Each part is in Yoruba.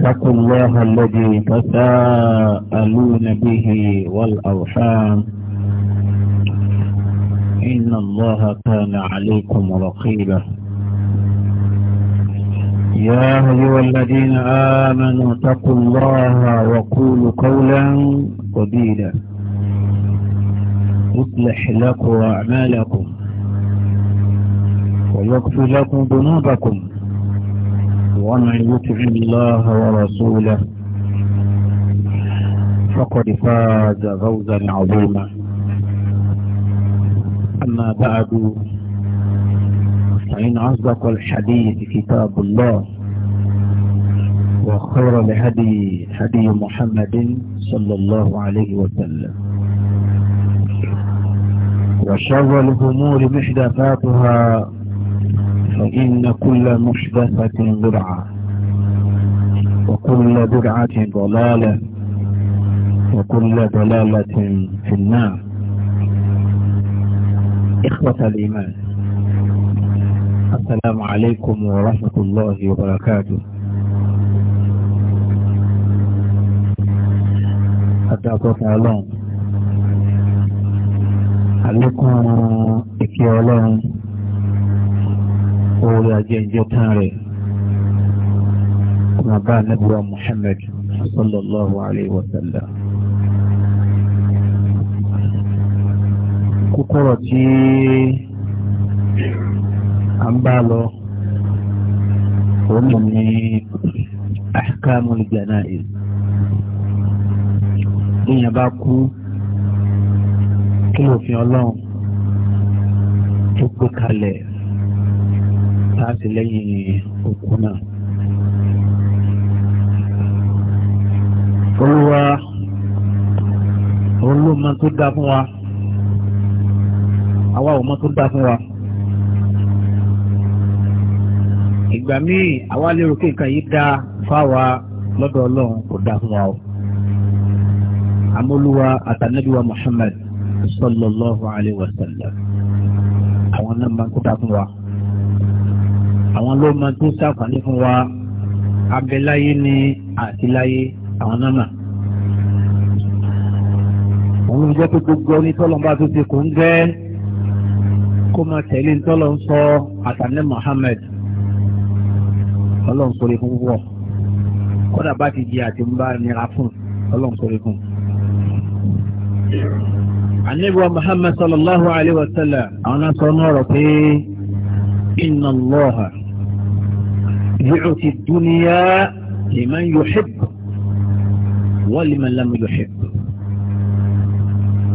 اتقوا الله الذي تساءلون به والأرحام إن الله كان عليكم رقيبا يا أيها الذين آمنوا اتقوا الله وقولوا قولا قبيلا يصلح لكم أعمالكم ويغفر لكم ذنوبكم ومن يطع الله ورسوله فقد فاز فوزا عظيما أما بعد فإن أصدق الحديث كتاب الله وخير الهدي هدي محمد صلى الله عليه وسلم وشر الأمور محدثاتها فإن كل محدثة بدعة وكل بدعة ضلالة وكل ضلالة في النار إخوة الإيمان السلام عليكم ورحمة الله وبركاته حتى أتوقع عليكم إكيالهم orí ajẹ́jẹ́ tán rẹ̀ kó máa bá anábìwá Muhammad sallallahu alayhi wa sallam. kókọ́rọ̀ tí a ń bá lọ òun ní ahkamul janaiz èèyàn bá kú kí lófin ọlọ́run tó gbé kalẹ̀ táàsì lẹ́yìn òkú náà. olúwa olúmọ tó dá fún wa àwa ò mọ tó dá fún wa. ìgbà míì àwa lérò pé nǹkan yìí dá fáwa lọ́dọ̀ ọlọ́run kò dá fún wa o. amóluwa àtànẹ́bíwa Muhammad sallallahu alayhi wa sallam àwọn náà máa ń kó dá fún wa àwọn ló máa tó sàǹfààní fún wa abẹ́láyé ní àtiláyé àwọn náà mà. òun ló jẹ́ pé gbogbo ẹni tọ́lọ́ bá tó ṣe kò ń gẹ́ kó máa tẹ̀lé tọ́lọ́ ń sọ àtàlẹ́ Muhammad ọlọ́run sọ̀rọ̀ fún púpọ̀ kódà bá ti di àti ń bá nira fún ọlọ́run fún. Ànábì wa Muhammad sallallahu alayhi wa sallam àwọn náà ọ̀rọ̀ pé inna Allaha. يعطي الدنيا لمن يحب ولمن لم يحب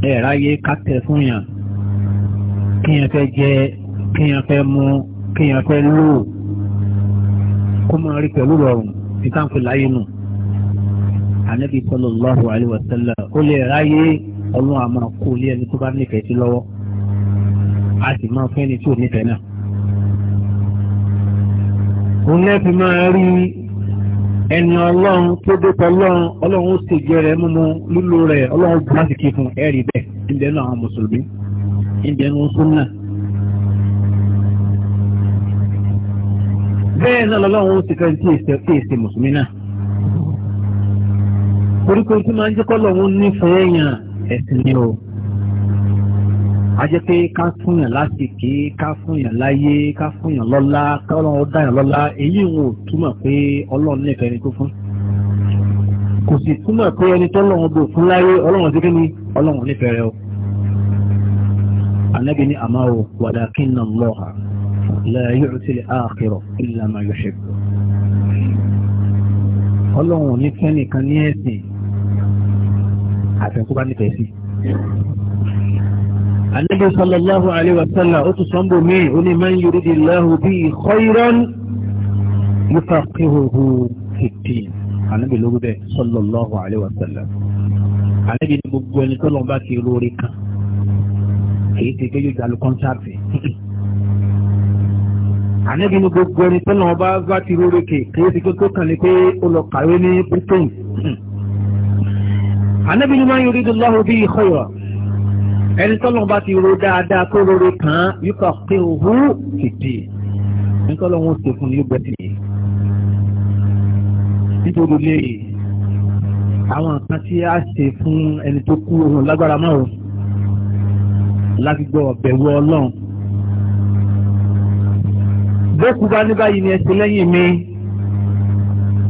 ẹ ráyé kátẹ fún yàn kíyàn fẹ́ jẹ kíyàn fẹ́ mu kíyàn fẹ́ lò kó máa rí pẹ̀lú rọrùn ìtànkù láyé nù anabi sallallahu alayhi wa sallam ó lè ráyé ọlọ́run àmọ́ kó lé ẹni tó bá nífẹ̀ẹ́ sí lọ́wọ́ a sì máa fẹ́ ni tí ò nífẹ̀ẹ́ náà. òun lẹ́bi máa rí ẹni ọlọ́run tó dé tọ́lọ́run ọlọ́run ó sì jẹ́ rẹ̀ múmu lílo rẹ̀ ọlọ́run bá sì kí fún ẹ̀rí bẹ́ẹ̀ níbi ẹnu àwọn mùsùlùmí níbi ẹnu bẹ́ẹ̀ náà lọ́lọ́run ó sì tí èsì mùsùlùmí náà. torí tí máa o. a jẹ́ pé ká fúnyàn lásìkè ká fúnyàn láyé ká fúnyàn lọ́lá ká ọlọ́run dáyàn lọ́lá èyí wọn ò túmọ̀ pé ọlọ́run nífẹ̀ẹ́ ẹni tó fún kò sì túmọ̀ pé ẹni tó lọ́run bò fún láyé ọlọ́run ti kí ni ọlọ́run nífẹ̀ẹ́ rẹ o anabi ni àmà o walakinna Allaha la yu'ti al-akhirah illa ma yuhibbu ọlọ́run ní nìkan ní ẹ̀sìn àfẹ́kúbá nífẹ̀ẹ́ sí Ànábì sallallahu alaihi wa sallam ó tún sọ́nbò míì ó ní man yuridillahu bihi khayran yufaqihuhu fìdí Ànábì ló bẹ̀ sallallahu alaihi wa sallam. Ànábì ní gbogbo ẹni tó lọ́n bá ti lórí kan kì í ti gbé yóò jalu kọ́ńtàtì. Ànábì ní gbogbo ẹni tó lọ́n bá bá ti lórí kè kì ti gbé tó kàn pé ó lọ kàwé ní Britain. Ànábì ní man yuridillahu bihi khayran ẹni tọ́lọ́run bá ti ro dáadáa tó rere kan yípa pé òhú ti dì ẹni tọ́lọ́run ó ṣe fún ní gbẹ́sì yìí nítorí léyìí àwọn nǹkan tí a ṣe fún ẹni tó kú ohun lágbára máa wò láti gbọ́ ọ̀bẹ̀wò ọlọ́run bókú bá ní báyìí ni ẹ ṣe lẹ́yìn mi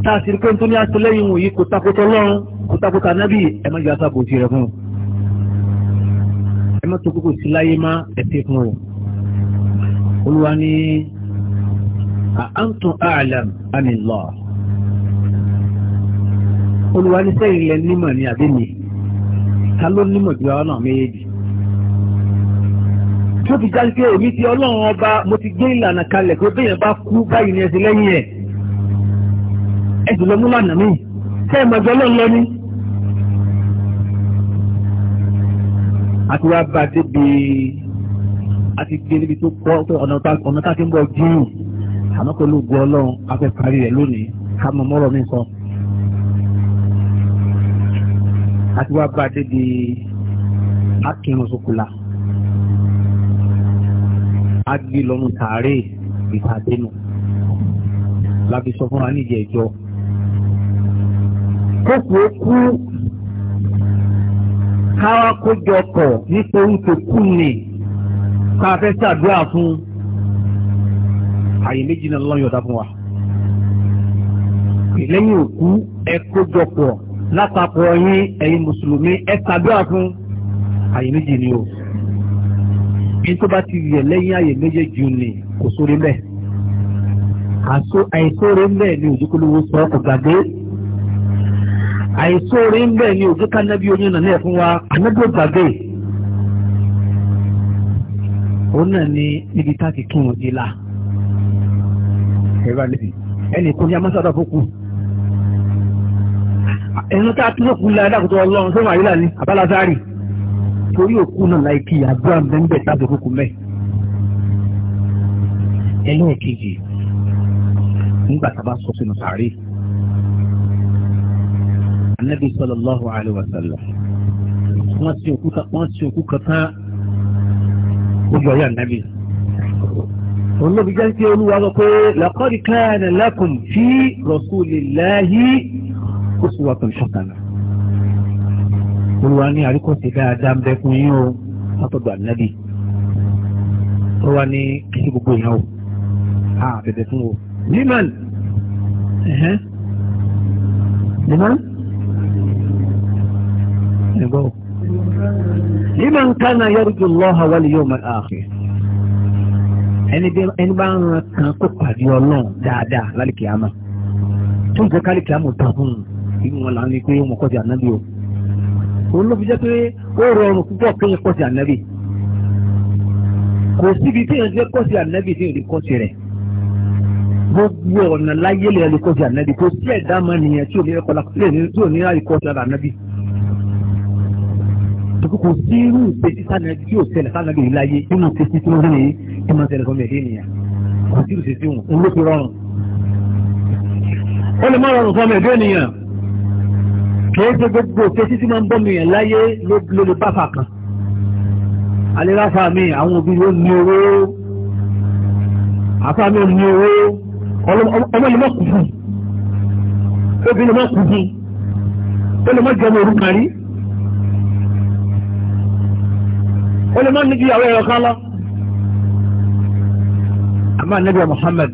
tá a sì pé nítorí àṣẹ lẹ́yìn wòyí kò takòtò ọlọ́run kò takòtò ànábì ẹ má jẹ́ àṣà kò sí fún un mọ́tò kókò sí láyé má ẹ̀fẹ́ fún rẹ̀ olúwa ní àǹtún àlàm àmìlọ́ olúwa ní sẹ́yìn lẹ nímọ̀ ní àbẹ́mi ta ló nímọ̀ jù àwọn náà méjèèjì tó fi jáde pé èmi ti ọlọ́run ọba mo ti gbé ìlànà kalẹ̀ pé bẹ́ẹ̀ bá kú báyìí ni ẹ ti lẹ́yìn ẹ̀ ẹ sì lọ mú lànà mí sẹ́yìn mọ̀jọ́ ọlọ́run lọ ní. àti wá bá débi àti gbé níbi tó pọ̀ ọ̀nà tá a ti ń bọ̀ jíìn àmọ́ pẹ̀lú ògùn ọlọ́run afẹ́ parí rẹ̀ lónìí ká mọ mọ́rọ̀ mi sọ. àti wá bá débi akínrun sokùlà agbe lọ́nu tààrẹ́ ìpàdé nù láti sọ fún wa níjẹ̀ẹ́jọ́ kókò ó kú káwá kójọ pọ̀ nítorí tó kú ni ká fẹ́ ṣàdúrà fún àyè méjì náà lọ́yọ̀ ọ̀dà fún wa. lẹ́yìn òkú ẹ kójọ pọ̀ látàpọ̀ yín ẹ̀yin mùsùlùmí ẹ ṣàdúrà fún àyè méjì ni o. bí tó bá ti yẹ lẹ́yìn àyè méjèèjì ni kò sóre mẹ́ àìsóre mẹ́ ni òjúkúlówó sọ kò gbàgbé àìsóore ń bẹ̀ ni òjò kánábí oyún nàní ẹ̀ fún wa ànágbó gbàgbé òun náà ni níbi tá a ti kí wọn di la ẹ̀rọ àlebi ẹnì kan ní amásádà fókù ẹnu tá a tún òkú la dákòtò ọlọ́run sọ́wọ́n àyílà ni abálazárì torí òkú náà láì kí àdúrà mẹ́ńbẹ̀ tábìlì fókù mẹ́ ẹlẹ́ẹ̀kejì nígbà tá a bá sọ sínú sàárè anabi sallallahu alayhi wa sallam wọ́n sin òkú kan wọ́n sin òkú kan tán ojú ọyọ anabi olóbi jẹ́ pé olúwa sọ pé laqad kana lakum fi rasulillahi uswatun hasana olúwa ní àríkọ̀sí dáadáa ń bẹ fún yín o látọ̀dọ̀ ànábì ó wá ní kí gbogbo èèyàn o a ah, fún o liman liman ní gbọ́. liman kana yarju Allah wal yawm al-akhir ẹni bá ń ran kan kó pàdé ọlọ́run dáadáa lálìkì àmà tó ń jẹ́ kálìkì àmà tàbùn ìlú wọn là ń lè pé wọn kọ́ sí ànábì o òun ló fi jẹ́ pé ó rọrùn púpọ̀ kéèyàn kọ́ sí ànábì kò síbi téèyàn jẹ́ kọ́ sí ànábì téèyàn lè kọ́ sí rẹ̀ gbogbo ọ̀nà láyé lè lè kọ́ sí ànábì kò sí ẹ̀dá mọ́ nìyẹn tí ò ní ẹ̀kọ́ lè ní tí ò ní ànábì àtúkù kò sí irú ìgbésí sànàbí yóò tẹ̀lé sànàbí yìí láyé tí wọ́n ti sí tí wọ́n ní tí wọ́n tẹ̀lé fún ẹ̀dẹ́ ènìyàn kò sí ìrùsẹ̀ sí wọn ló fi rọrùn. ó lè má rọrùn fún ọmọ ẹ̀dẹ́ ènìyàn kì í ṣe gbogbo ìgbésí tí máa ń bọ́ mi yàn láyé ló lè bá fà kan. aléráfà mi àwọn òbí ló ní owó àfà mi ò ní owó ọmọ lè má kù fún obìnrin má kù fún ó lè má jẹun orúkọ rí. ó ما má ní ju أما النبي محمد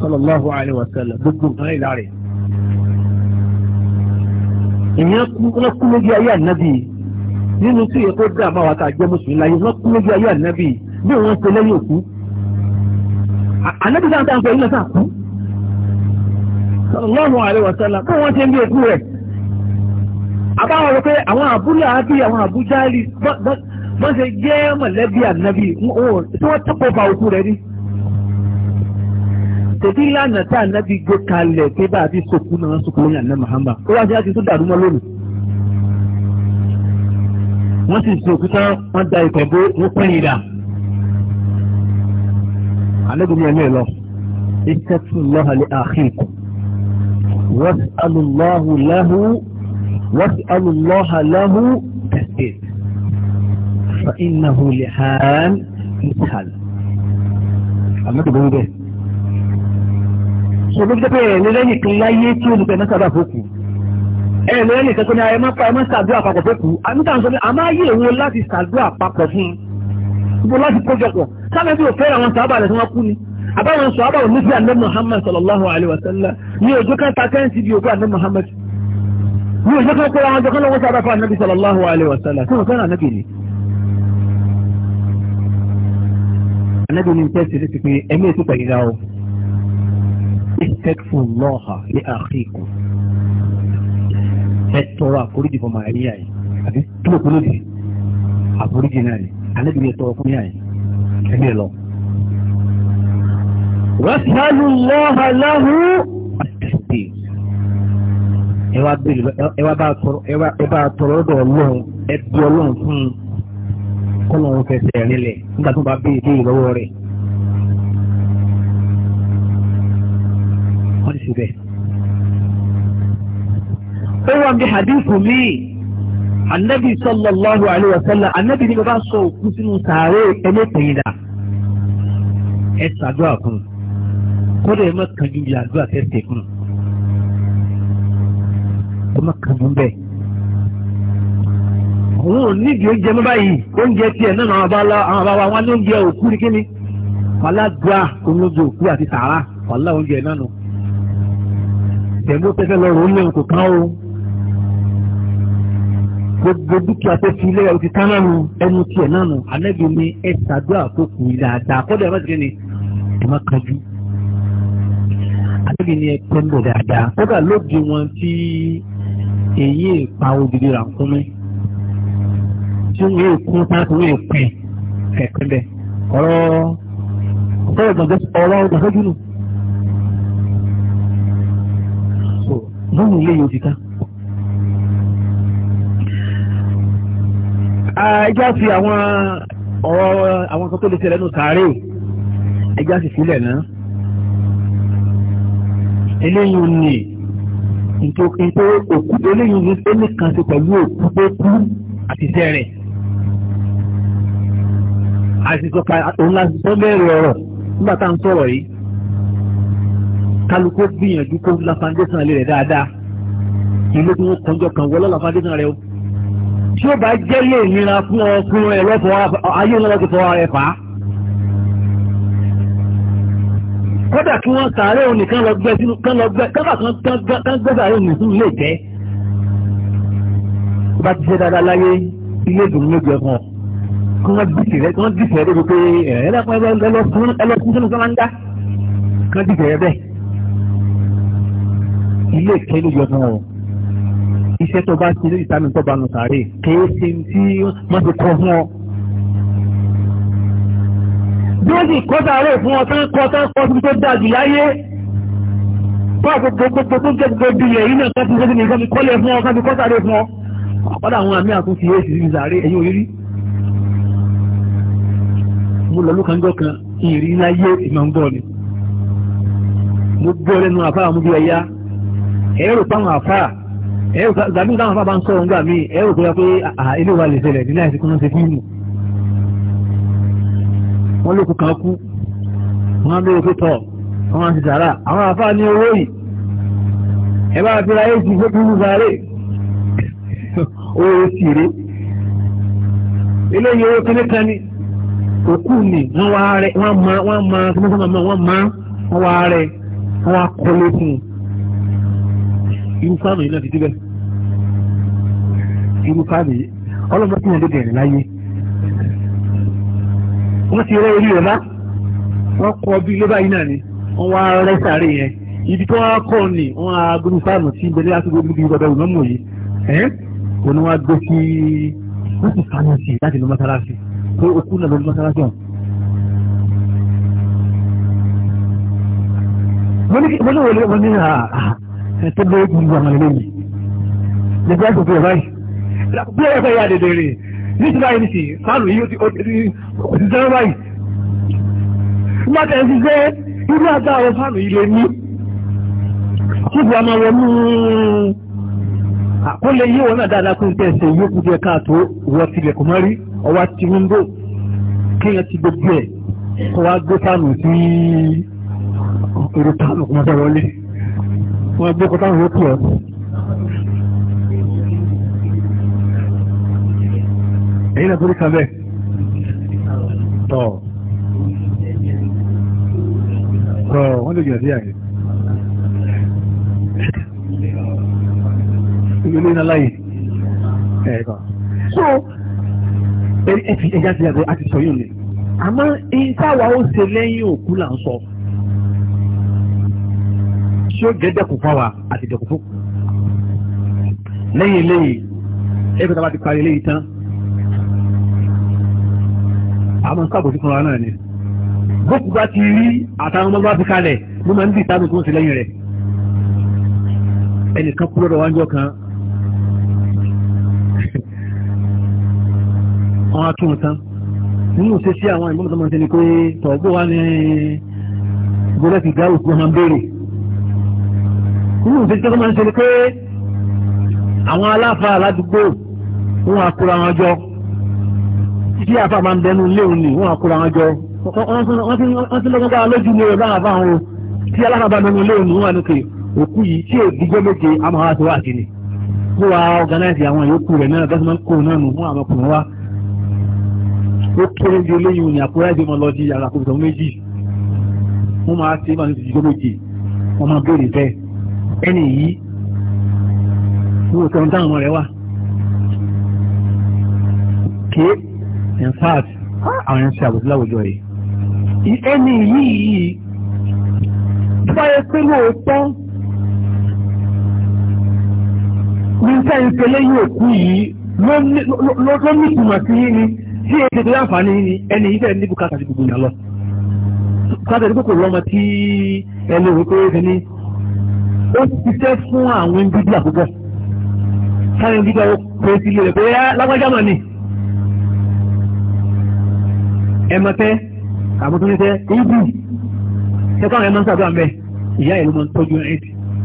صلى الله عليه وسلم sallallahu alayhi wa sallam gbogbo nǹkan ìlà rẹ̀ èèyàn kú lójú ayé ànábì nínú tí èkó dá àmọ́ àwọn àtàjẹ́ mùsùlùmí láyé wọ́n kú lójú ayé ànábì bí wọ́n ṣe lẹ́yìn òkú ànábì dáadáa ń pè ní ọ̀sán kú sallallahu alayhi wa wọ́n ṣe ń bí òkú rẹ̀ àbáwọn rẹ̀ àwọn àbúlé àbí àwọn àbújáàlì wọ́n ṣe jẹ́ mọ̀lẹ́bí ànábì tí wọ́n tọ́pọ̀ bá òkú rẹ̀ rí. tètè ìlànà tá ànábì gbé kalẹ̀ pé bá a ti sòkú náà sòkú ní àná Muhammad ó wá sí láti tó dàrú mọ́ lónìí. wọ́n sì sòkú tán wọ́n da ìkọ̀ bó wọ́n pẹ́ yìí dà. ànábì ni ẹ̀mí ẹ̀ lọ. istaghfirullaha li akhikum was'alullaha lahu was'alullaha lahu tẹ̀síẹ̀. فإنه لحال يسهل أما تقول به sọ gbogbo ẹ lẹ́yìn kan láyé tí olùkọ́ ẹ̀ mọ́sàdá fòkù ẹ lẹ́yìn kan tó ní ayé mọ́pa ẹ mọ́sàdúrà àpapọ̀ fòkù àmúta ń sọ pé a máa yé èwo láti sàdúrà àpapọ̀ fún un gbogbo láti kójọpọ̀ sábẹ́ bí òfin àwọn sábà rẹ̀ tí wọ́n kú ni àbáwọn sọ àbáwọn níbi àná Muhammad sallallahu alayhi wa sallam ní ojú kan ta kẹ́hìn sí bí òkú àná Muhammad ní ojú kan kó àwọn jọ kan lọ́wọ́ sábà fún ànábì sallallahu alayhi wa sallam tí wọ́n fẹ́ràn ànábì ni. anábì ní tẹ́sí ti pé ẹ̀mí ètò ìpàgígá o ìtẹ́kùn lọ́ọ̀hà ní àkíkù ẹ tọrọ àforíjì fún màríà yìí àbí tó kú lóde àforíjì náà ni anábì ní tọrọ fún yà yìí ẹ̀mí ẹ̀ e lọ. rọ́ṣálù lọ́ọ̀hà láhù ẹ wá bá tọrọ lọ́dọ̀ ọlọ́run ẹ bí ọlọ́run fún un kọ́nà òun fẹsẹ̀ rinlẹ̀ nígbà tó bá bí ìdí ìlọ́wọ́ rẹ̀. wọ́n ti síbẹ̀. ó wà ní hadithu mi anabi sallallahu alayhi wa sallam anabi ni bàbá sọ òkú sínú sàárè ẹlẹ́pẹ̀yìn dà ẹ ṣàdúrà fún un kódà ẹ má kánjú bí àdúrà tẹ̀sẹ̀ fún un ẹ má kánjú bẹ́ẹ̀ òun ò nídìí oúnjẹ mọ́ báyìí oúnjẹ tiẹ̀ náà àwọn abala àwọn abawa wọn ní oúnjẹ òkú ni kíni aládùá olóògbé òkú àti tààrà wàhálà oúnjẹ náà nù tẹ̀mú tẹ́fẹ́ lọ rò ó lé òkú kan o gbogbo dúkìá tó fi ilé ọtí tán náà nù ẹnu tiẹ̀ náà nù alẹ́bí ni ẹ ṣàdúrà tó kù dáadáa kọ́dọ̀ ẹ má ti kí ni ẹ má kájú alẹ́bí ni ẹ tẹ́ ń bọ̀ dáadáa kọ́dà lóde wọn tí èyí ìpa odidi rà ń kún mi tí wọ́n yóò kú sáà tí wọ́n yóò pè ẹ̀kọ́ bẹ́ẹ̀ ọ̀rọ̀ ọ̀rọ̀ ìgbàgbọ́sọ́jú nù. lóhùn ilé yóò ti ká. ẹjá fi àwọn ọ̀rọ̀ àwọn kan tó lè ṣẹlẹ̀ nù sàárè ẹjá sì sílẹ̀ náà. eléyìí ni nítorí pé òkú eléyìí ni ó ní kan ṣe pẹ̀lú òkú tó kú àti iṣẹ́ àìsísọ pa òun láti tó lẹ́rọ ọ̀rọ̀ nígbà tá à ń sọ̀rọ̀ yìí kálukú gbìyànjú kó la foundation rẹ̀ dáadáa ìlú tó ń kọjọ kan wọlé la foundation rẹ̀ o tí ó bá jẹ́ lè nira fún ọ fún ẹ lọ́fọ̀ ayé ńlọ́wọ́ ti fọ ẹ fà á. kódà kí wọ́n sàárẹ̀ òní kán lọ gbẹ sínú kán lọ gbẹ kábà kán gbẹ sàárẹ̀ òní sínú lè jẹ́. ó bá ti ṣe dáadáa láyé ilé ìdùnnú ló jẹ fún ọ kí wọ́n dìtì rẹ kí wọ́n dìtì rẹ débi pé ẹlẹ́kùn ẹlọ́kùn sínú sáláńgá kí wọ́n dìtì rẹ bẹ́ẹ̀. ilé ìkẹ́lù yọ fún ọ iṣẹ́ tó bá ṣe lórí ìtàmì tó bá nù sàárè kéé ṣe tí wọ́n ti kọ́ fún ọ. bí wọ́n sì kọ́ sàárè fún ọ tán kọ́ tán kọ́ síbi tó dáa jù láyé bá gbogbo gbogbo tó ń jẹ́ gbogbo ibi ilẹ̀ yìí náà kọ́ sí ṣe ti kọ́lé fún ọ kọ́ kọ́ sàárè fún ọ. àpáda àwọn àmì àtúnṣe èsì ìsàárè ẹ̀yìn òyìnbí mo lọ lókanjọ́ kan ìrìn láyé ìmọ̀ ń gbọ́ ni mo gbọ́ lẹ́nu àfáà mú bí ẹyá ẹ̀rọ táwọn àfáà ẹ̀rọ tàbí táwọn àfáà bá ń sọ̀rọ̀ ńgbà mí ẹ̀rọ tó yẹ pé ilé wa lè ṣẹlẹ̀ nílẹ̀ àti kúnlọ́sẹ̀ fíìmù wọ́n lókun kan kú wọ́n á bẹ̀rẹ̀ pé tọ̀ wọ́n á ti sàrà àwọn àfáà ní owó yìí ẹ bá fi ra èsì fún kúrú sáré owó èsì rè eléyìí owó kíní kan ni òkú ni wọ́n wá rẹ̀ wọ́n mọ wọ́n mọ kí wọ́n mọ wọ́n mọ wọ́n wá rẹ̀ wọ́n wá kọ́lé fún un irú fáàmì yìí náà ti débẹ̀ irú fáàmì yìí ọlọ́mọ tí wọ́n dé bẹ̀rẹ̀ láyé wọ́n ti rẹ́ orí rẹ̀ lá wọ́n kọ́ bí ilé báyìí náà ni wọ́n wá rẹ́ sàárè yẹn ibi tí wọ́n kọ́ ni wọ́n á gbé fáàmù tí ń bẹ̀rẹ̀ láti gbé bí ọ̀dọ̀ ìmọ̀mọ̀ yìí ẹ̀ wọ́n ni wọ́n gbé sí wọ́n ti fáàmù sí láti lọ mọ́sálásí pé okú náà lórí mọ́sálásí ọ̀hún. mo ní wọlé wọn ní ẹ̀tọ́ bẹ́ẹ̀ kí n gbà wọn lẹ́yìn lẹ́gbẹ́ àgbègbè ẹ̀ báyìí bí ẹ̀rọ ẹ̀yà dèdè rè ní ti báyìí nìsí fáànù yìí ó ti ṣiṣẹ́ báyìí. nígbà tẹ̀ ń ṣiṣẹ́ irú àgbà àwọn fáànù yìí lè ní kí ìgbà máa wọnú àkọlé yìí wọn náà dáadáa kó ń ọwọ́ ti wíńdò kéèyàn ti gbogbo ẹ̀ kó wá gbé fáànù sí èrò fáànù kó máa fẹ́ wọlé wọ́n gbé kó fáànù yóò pè ọ́. èyí náà torí kan bẹ́ẹ̀ tọ̀ tọ̀ wọ́n lè jẹ̀ sí àyè. Ilé iná láyè ẹ̀ẹ̀kan. So ẹ fi ẹja ti yàgbé àti sọ yóò ní. àmọ́ ẹyin táwa ó ṣe lẹ́yìn òkú là ń sọ. tí ó jẹ́ dẹ́kun fún wa àti dẹ́kun fún. lẹ́yìn lẹ́yìn ẹgbẹ́ tá a bá ti parí lẹ́yìn tán. àmọ́ sábòsí kan wa náà ni. bókù bá ti rí àtàwọn ọmọ bá fi kalẹ̀ mo máa ń bí ìtàn tó ń ṣe lẹ́yìn rẹ̀. ẹnìkan kúrò lọ́wọ́ ọjọ́ kan àwọn atún tán nínú ṣe sí àwọn ìmọ̀mọ̀tọ́ máa ń tẹ́lẹ̀ pé tọ̀gbó wa ní gbọ́dọ̀ ti dá òkú hàn béèrè nínú ṣe sí tọ́kọ́ máa pé àwọn aláfa aládùúgbò wọn àkúrò jọ títí àfa máa ń bẹnu léwu ni wọn jọ ti lọ́gbọ́n bá lójú ní àbá tí bá bẹnu léwu ni wọn òkú yìí tí méje àmọ́ àti ó kéré ní eléyìí ní àpòrá ìdè mọ́ lọ di yàrá kòtò méjì wọ́n máa ṣe máa ní ìdíjọ́ méje wọ́n máa béèrè bẹ́ẹ̀ ẹni yìí wọ́n tẹ̀ ń dá àwọn rẹ̀ wá. ké in fact àwọn ẹni ṣe àbòsí láwùjọ yìí ẹni yìí fáyẹ pé lóòótọ́ ní sẹ́yìn pẹ̀lẹ́ yóò kú yìí ló ní ìtumọ̀ sí yìí ni tí èdè tó yàǹfààní ni ẹni ìfẹ́ ní bùkátà ti gbogbo yàn lọ bùkátà ti kókò lọ́mọ tí ẹni òwe pé ẹni ní ó ṣiṣẹ́ fún àwọn bíbí àkókò sáré bíbí àwọn pé sílé rẹ̀ pé lágbájá mà ní ẹ̀mọ̀tẹ́ àbótúnṣe ibi ṣẹ́kọ̀ àwọn ẹ̀mọ̀ ń sàdúrà mẹ́ ìyá ìlú mọ̀ ń tọ́jú ẹ̀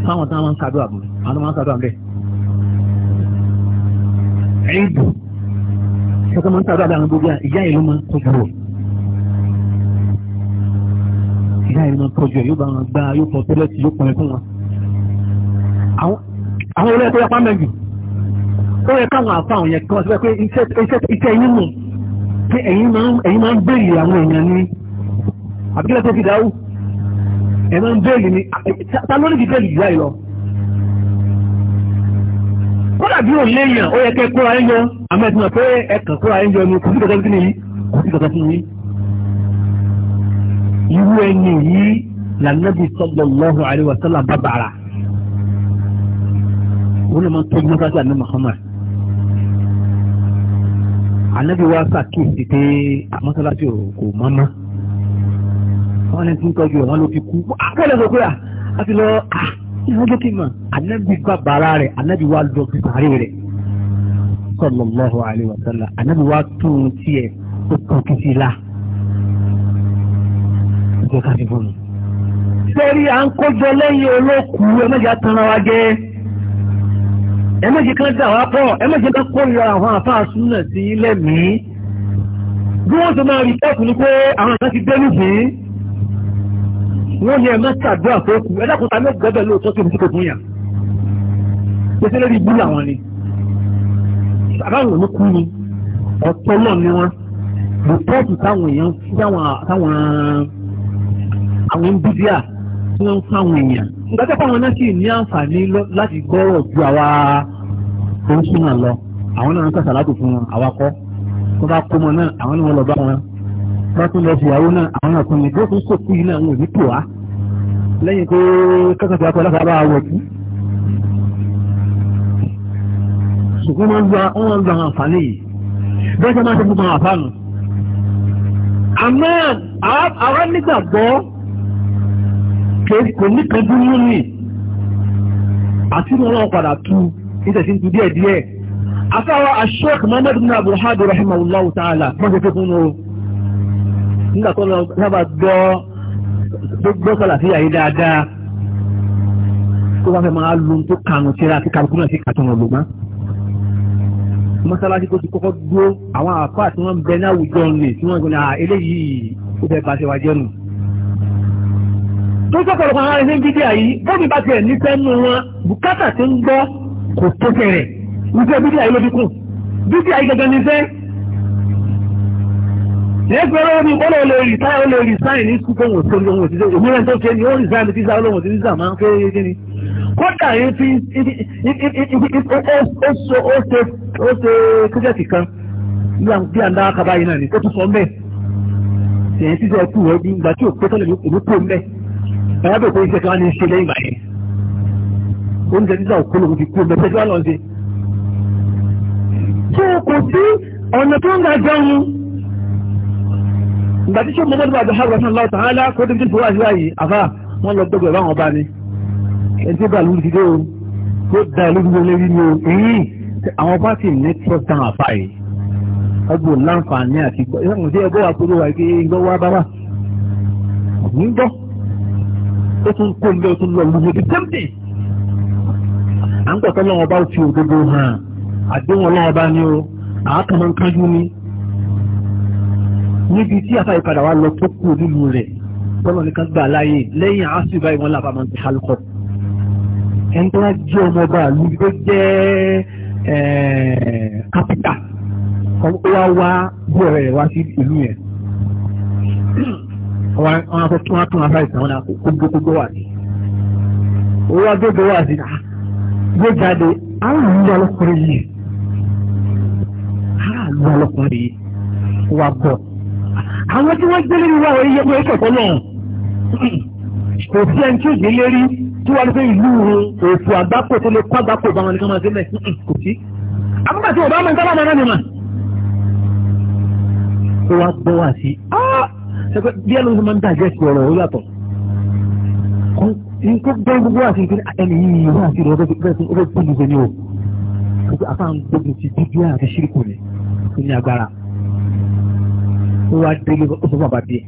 fáwọn táwọn ń sàdúrà bọ̀ àwọn máa ń sàdúrà mẹ́ ẹ̀yìn bù ṣọkọ máa ń sàdúrà láàrin gbogbo ìyá ìlú máa ń tọ́jú rẹ̀ ìyá ìlú máa ń tọ́jú rẹ̀ yóò bá wọn gbá yóò fọ tẹ́lẹ̀tì yóò pọnrin fún wọn. àwọn olóyè tó yapa mẹ́jù ó yẹ káwọn àfa yẹn kí wọ́n pé iṣẹ́ ẹ̀yìn mọ̀ pé ẹ̀yìn máa ń béèrè àwọn èèyàn ní àbíkílẹ̀ tó fi dáwù ẹ̀ máa ń béèrè ní kódà bí òun léèyàn ó yẹ kẹ́ kóra ẹ yọ àmọ́ ẹ̀sìn pé ẹ̀kàn kóra ẹ yọ ni kò sí kankan sí nìyí kò sí kankan sí nìyí. irú ẹni yìí lànàbì sallallahu alaihi wasallam bá bàrà wọn lè máa tọ́jú mọ́sáàsì àná Muhammad anabi wa ṣàkíyèsí pé mọ́sálásí kò mọ́mọ́ wọ́n ní tí ń tọ́jú ẹ̀ wọ́n fi kú. akẹ́lẹ́ sọ pé a ti lọ ìrọ́jọ́ kí n mọ̀ anábì gba bàrà rẹ̀ anábì wa lọ bí bàrà rẹ̀ sallallahu alaihi wa sallam anábì wa tún tiẹ̀ ó kàn kìsì la ọjọ́ ká fi fún mi. sẹ́rí à ń kójọ lẹ́yìn olókùú ẹ̀mẹ́jì atanra wa jẹ́ ẹ̀mẹ́jì kan dà wá pọ̀ ẹ̀mẹ́jì kan kórìíra àwọn àfáà súnà sí lẹ́mìí bí wọ́n ti máa rí tẹ́kùn ní pé àwọn àkàtì dé nìyí wọ́n ní ẹ má ṣàdúrà tó kù ẹ dákun ta ló gbọ́dọ̀ lóòótọ́ tó kù fún yàn pèsè lórí ibú làwọn ni àbáwọn ló kú ni ọ̀pọ̀ náà ni wọ́n rìpọ́ọ̀tù táwọn èèyàn táwọn àwọn ń bíbíà tí wọ́n ń fún àwọn èèyàn gbọ́dọ̀ fáwọn náà sì ní àǹfààní láti gbọ́rọ̀ ju àwa oníṣúná lọ àwọn náà ń sàṣàlátò fún àwa kọ́ tó bá kó mọ náà àwọn náà lọ bá wọn bá tún lọ fìyàwó náà àwọn àkùn ní gbókùn sòkú yìí náà ń wò ní tò wá lẹ́yìn pé kẹ́kọ̀ọ́ fi akọ aláfàá bá wọ̀ jù. ṣùgbọ́n wọ́n gba wọ́n gba àǹfààní yìí bẹ́ẹ̀ sọ máa ṣe gbogbo àwọn àfáànù. àmọ́ àwa nígbàgbọ́ kò ní kan dúró ní àti wọn náà padà tu nítorí tu díẹ̀díẹ̀. àfáà wa aṣọ́ọ̀kì Muhammad bin Abdul Hadi rahimahullahu ta'ala mọ́ṣẹ́ fẹ́ fún un nígbà tó lọ sábà gbọ́ tó gbọ́ sàlàfíà yìí dáadáa tó bá fẹ́ máa lu tó kànú síra kí kálukú náà sì kà tó wọn lò má. mọ́sálásí tó ti kọ́kọ́ dúró àwọn àfáà tí wọ́n ń bẹ ní àwùjọ nì tí wọ́n ń gbọ́n eléyìí ó fẹ́ bá ṣe wá jẹ́nu. tó sọ̀kọ̀lọ̀ kan ara ẹni dídí àyí bóbi bá tiẹ̀ nífẹ̀ẹ́ nù wọn bùkátà ti ń gbọ́ kò tó fẹ̀rẹ̀ nífẹ̀ẹ́ dídí àyí ló dínkù dídí àyí gẹ́gẹ́ nífẹ̀ẹ́ lẹ́gbẹ̀rẹ́ omi bọ́lá olè rìtáì olè rìtáì ní ṣùgbọ́n òun tó lóhun òtítọ́ òmìnira tó ṣe ni ó rìtáì ní fíṣà olóhun òtítọ́ máa ń fẹ́ yé kíni kódà yín fi ó ṣe kíkẹ́tì kan bí àǹdá akaba yìí náà ni ó tún sọ mẹ́ èyí tí sẹ́kù rẹ̀ bí ìgbà tí ò pé tọ́lẹ̀ èmi kò mẹ́ ẹ̀yà bẹ̀ pé iṣẹ́ kan ní ṣe lẹ́yìn báyìí oúnjẹ títà òkú lòun ti kú mẹ́ pẹ́jọ́ lọ́n ṣe. tó kò sí ọ̀nà tó ń ga jẹun ìgbà tí sọ́kùn mọ́tò bàjọ́ hàrùn ọ̀sán lọ́wọ́ tààlà kó tó ti fowó àṣírí àyè àfà wọ́n lọ gbọ́gbẹ̀ báwọn ọba ni ẹni tó bá lórí ti dé o tó da olóògbé lórí ni o èyí àwọn bá ti ní trust down àfà yìí ọgbọ̀n láǹfààní àti gbọ́ ìṣàkùn sí ẹgbẹ́ wa kó ló wà pé ìgbọ́ wa bá wà ní gbọ́ ó tún kó ń bẹ́ ó tún lọ lórí ti tẹ́mpì à ń gbọ̀tọ́ lọ́wọ́ bá fi òdodo hàn àdéhùn ọlọ́wọ́ bá ní o àákàmọ́ ń kájú ni níbi tí àfáà ìpadà wa lọ tó kú nínú rẹ̀ tọ́lọ̀ nìkan gbà láàyè lẹ́yìn àásù báyìí wọn làbá máa ń ti halkọ. ẹni tó wá jẹ́ ọmọ ọba àlú tó jẹ́ kápítà ó wá wá bí ọ̀rẹ́ rẹ̀ wá sí ìlú yẹn. wọ́n á fọ́ tún wá tún afárá ìtàn wọn náà kó gbogbo wà sí. ó wá gbogbo wà sí náà ah, yóò jáde aráàlú wà lọ́kùnrin yìí aráàlú wà lọ́kùnrin yìí wà bọ̀ àwọn tí wọ́n gbé lórí wa ò yẹ pé kẹ̀kọ́ náà kò sí ẹni tí ò gbé lérí tí wọ́n fẹ́ ìlú òfò àgbákò tó lè kọ́ àgbákò bá wọn ní ká máa délẹ̀ kò sí. àbúgbà tí ọba máa ń dábàá máa náà ó wá gbọ́ wá sí i ah! bí ẹlòmíràn máa ń dàjẹ́ sí ọ̀rọ̀ ó yàtọ̀ nǹkan gbọ́ gbogbo àti ìpínlẹ̀ ẹni yìí ìwé àti ìrọ̀ ọgbẹ́ fún ìgbẹ́ ni ó àfáà ń gbógun ti dídí àti ṣírìkù ni ó ó wá délé ó sọ fún bàbá díẹ̀.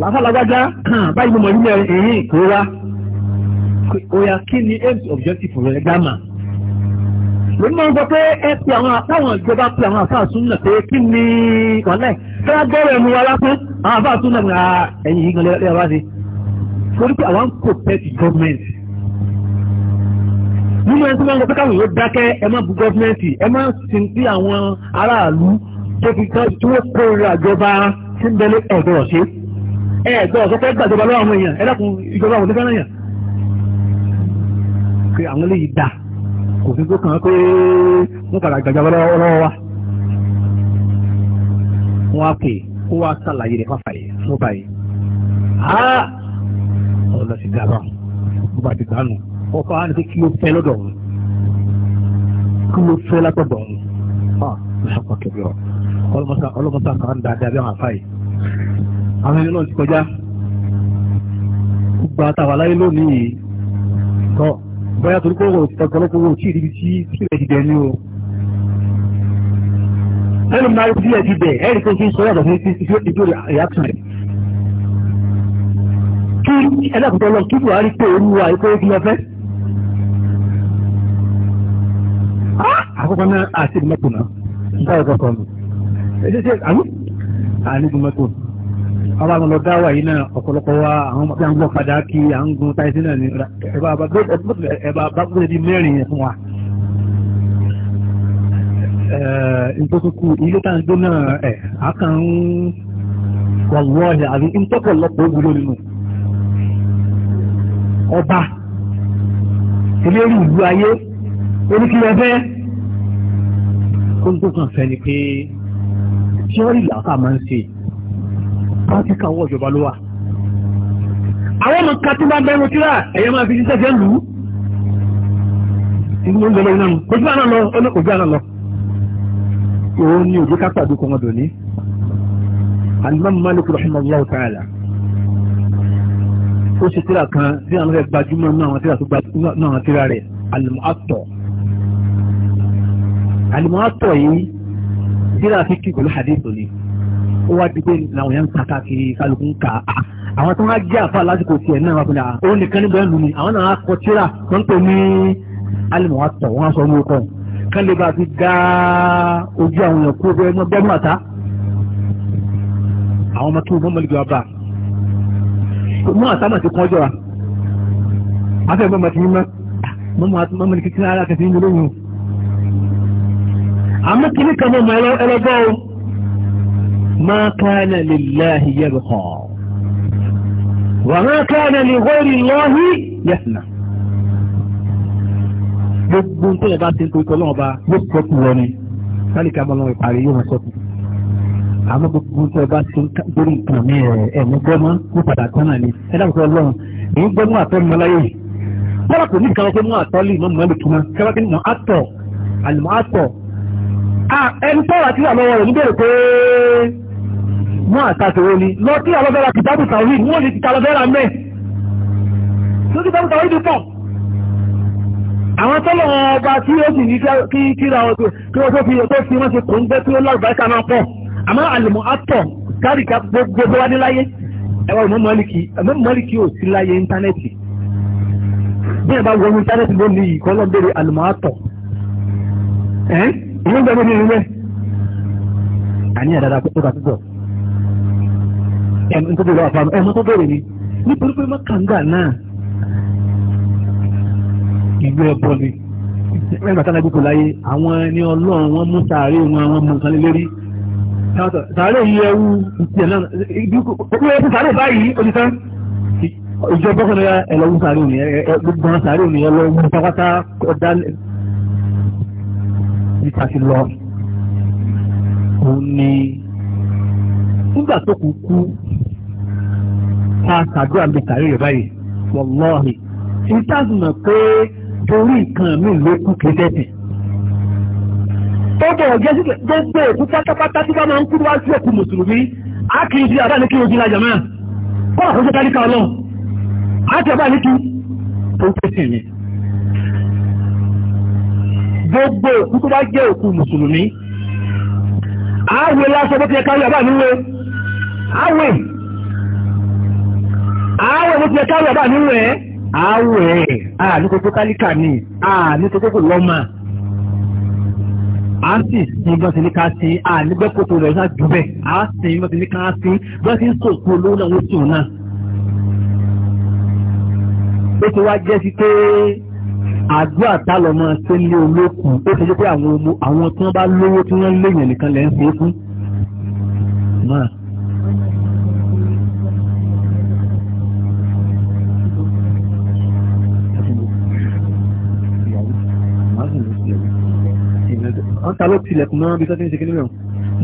bàbá alágbájá báyìí mo mọ̀ nílẹ̀ èyí kò wá ó yà kí ni aims objective rẹ̀ gámà. lónìí máa ń sọ pé ẹ pe àwọn àtàwọn ìjọba pe àwọn àfáà súnmọ̀ pé kí ni wàlẹ̀ kí wọ́n gbọ́rọ̀ ẹnu wa lásán àwọn àfáà súnmọ̀ ní ẹ̀yìn yìí gan lẹ́yìn wá sí. torí pé àwọn protect government nínú ẹni tí wọ́n ń sọ pé káwọn yóò dákẹ́ ẹ má bu gọ́ọ̀mẹ́ntì ẹ má sin sí àwọn aráàlú tó fi ká tí wọ́n kó ra ìjọba tí ń bẹ̀lẹ̀ ẹ̀dọ̀ sí ẹ̀dọ̀ sọ pé gbàjọba lọ́wọ́ àwọn èèyàn ẹlẹ́kùn ìjọba àwọn onífẹ́ràn èèyàn pé àwọn lè dà kò fi tó kàn pé wọ́n padà gbàjọba lọ́wọ́ wa wọ́n á pè kó wá sàlàyé rẹ̀ fáfà yìí fún báyìí á ọ̀rọ̀ lọ sí gàbà mo bá ti dànù ọkọ̀ á kí ló fẹ́ lọ́dọ̀ òun kí ló fẹ́ látọ̀dọ̀ òun ọlọ́mọta kan dáadáa bí àwọn àfáì àwọn ẹni náà ti kọjá gbogbo àtàwà láyé lónìí tọ́ bóyá torí kó ọ̀pọ̀lọpọ̀ tí ìdíbi tí ìrẹ̀ dìde ní o ẹnu máa rí díẹ̀ dìde ẹ̀rí tó fi ń sọ yàtọ̀ sí ti fi ìjọ ìyàtọ̀ rẹ̀ kí ẹlẹ́kùnrin lọ kí Buhari pé olúwa ikú ó fi lọ fẹ́ ah! àkọ́kọ́ náà àti ìmọ̀kùnà báyìí kọ́kọ́ mi ẹ̀ṣẹ́ ṣe àmú ànígun mọ́tò ọba àwọn ọlọ́dá wà yìí náà ọ̀pọ̀lọpọ̀ wa àwọn ọmọ tí a ń gbọ́ padà kí a ń gun táìsí náà ní ẹ̀bà bábúrẹ́ bíi mẹ́rin yẹn fún wa. ìtọ́sọ́kù ilé tá ń gbé náà ẹ̀ a ń wọ̀wọ́ ọ̀hìn àbí ìtọ́pọ̀lọpọ̀ òwúrò tíọ́rì làákà máa ń ṣe pátíkà owó ìjọba ló wà. àwọn ọmọ nǹkan tí wọ́n bá ẹnu tíra ẹ̀yẹ máa fi ṣiṣẹ́ fẹ́ lù ú. ìlú oúnjẹ lọ́yìn náà nù ojú àná lọ ó ní ojú àná lọ. òun ni òjò ká pàdé kan ọdún ní. alimami malik rahimahullah ta'ala. ó ṣe tíra kan tí àwọn fẹ́ gbajúmọ̀ náà àwọn tíra tó gbajúmọ̀ náà àwọn tíra rẹ̀ alimu atọ̀. alimu atọ̀ yìí tíra fi kí pẹ̀lú hadith ni ó wá dìde làwọn yẹn ń kàkà kiri kálukú ń kà á àwọn tó ń jẹ́ àfa lásìkò tiẹ̀ náà wọ́n fi náà ó nìkan níbẹ̀ ń lù mí àwọn náà kọ tíra tó ń pè ní alimọ̀wá tọ̀ wọ́n á sọ ní okọ̀ kán lè bá fi dá ojú àwọn èèyàn kú bẹ́ẹ̀ bẹ́ẹ̀ mọ̀ta àwọn ọmọ tó mọ́mọ́ lùgbà bá mọ́ àtàmà ti kọjọ́ wa afẹ́ mọ́mọ́ àmọ́ kí ní kan mọ́ ẹlọ́gbọ́ o ma kana lillahi yabqa wa ma kana li ghayri llahi yafna gbogbo tó yẹ bá ti ń tó ìtọ́ lọ́wọ́ bá yóò sọ́kù lọ ni sálìkà bá lọ́wọ́ ìparí yóò máa sọ́kù àmọ́ gbogbo tó yẹ bá ti ń dórí nǹkan mi ẹ̀ ẹ̀mú gbọ́mọ́ ní padà tán ni ẹ dábòtò ọlọ́run èyí gbọ́mọ́ àtọ́ mi láyé yìí bọ́lá kò ní kàwé pé mú àtọ́ ẹni tọ́wà tí wà lọ́wọ́ rẹ̀ níbẹ̀rẹ̀ pé mọ́ àtàtòwò ni lọ tí alọ́fẹ́ra kìtàbù tàwí wọ́n ni kìtà alọ́fẹ́ra mẹ́ tó kìtàbù tàwí dùpọ̀ àwọn tọ́lọ̀ ọba tí ó sì ní kí kíra ọ̀tọ̀ kí ó tó fi ọ̀tọ̀ sí wọ́n ṣe kò ń gbẹ́ tí ó lárùbáríkà náà pọ̀ àmọ́ àlùmọ́ àtọ̀ káríkà gbogbo wá níláyé ẹwà ìmọ̀ mọ́lìkì ẹ̀mọ́ mọ́lìkì ò sí láyé íńtánẹ́ẹ̀tì bí ẹ bá wọnú íńtánẹ́ẹ̀tì lónìí ìkọlọ́ bèrè àlùmọ́ àtọ̀ ẹ́ ìwé ń bẹ lórí ìwé àníyàn dáadáa pé ó bá túbọ̀ ẹ̀mú tó bèrè wà fáwọn ẹ̀mú tó bèrè ni nítorí pé mọ́kànlá náà ìlú ẹ̀bọ ni mẹ́rin bàtà lágbègbè láyé àwọn ẹni ọlọ́run wọn mú sàárè wọn àwọn ọmọ nǹkan lélẹ́rí sàárè yìí ẹrú ìtìyẹ náà ìdúkú ẹkú sàárè báyìí ó ti tán ìjọba kan náà ẹlọ́wọ́ sàárè òní ẹlọ́wọ́ sàárè òní ẹlọ́wọ́ pátápátá ibi tá a ti lọ òun ni nígbà tó kù kú ta ṣàdúrà mi tàrí rẹ̀ báyìí wọ́lọ́ọ̀hì tí a sì mọ̀ pé torí nǹkan mi ló kú kéjẹ́sì. ó bọ̀rọ̀ jẹ́ gbogbo òkú pátápátá tí wọ́n máa ń kú wá sí òkú mùsùlùmí á kì í sí àbá ní kí ojú la jàmáà kó àkóso tálíkà ọlọ́run á ti àbá ní kí ó pèsè yẹn gbogbo òkú tó bá jẹ́ òkú mùsùlùmí àwẹ̀ lásọ bó ti ẹ̀kárí àbá nílé àwẹ̀ àwẹ̀ bó ti ẹ̀kárí àbá nílé àwẹ̀ àníkókó tálíkà ní àníkókó lọ́mà a sì sin bọ́n ti ní ká sí ànígbẹ́kòtò rẹ̀ ṣáà jù bẹ́ẹ̀ a sin bọ́n ti ní ká sí bọ́n ti ń sòkú olówó náà wọ́n sì wọn náà ó ti wá jẹ́ sí pé àdúrà tálọ̀ máa ṣe ní olókùn ó ti jẹ́ pé àwọn ọmọ àwọn tí wọ́n bá lówó tí wọ́n léèyàn nìkan lẹ́ ń ṣe fún. wọ́n ta ló tilẹ̀kùn náà bí sọ́tún ṣe kí nínú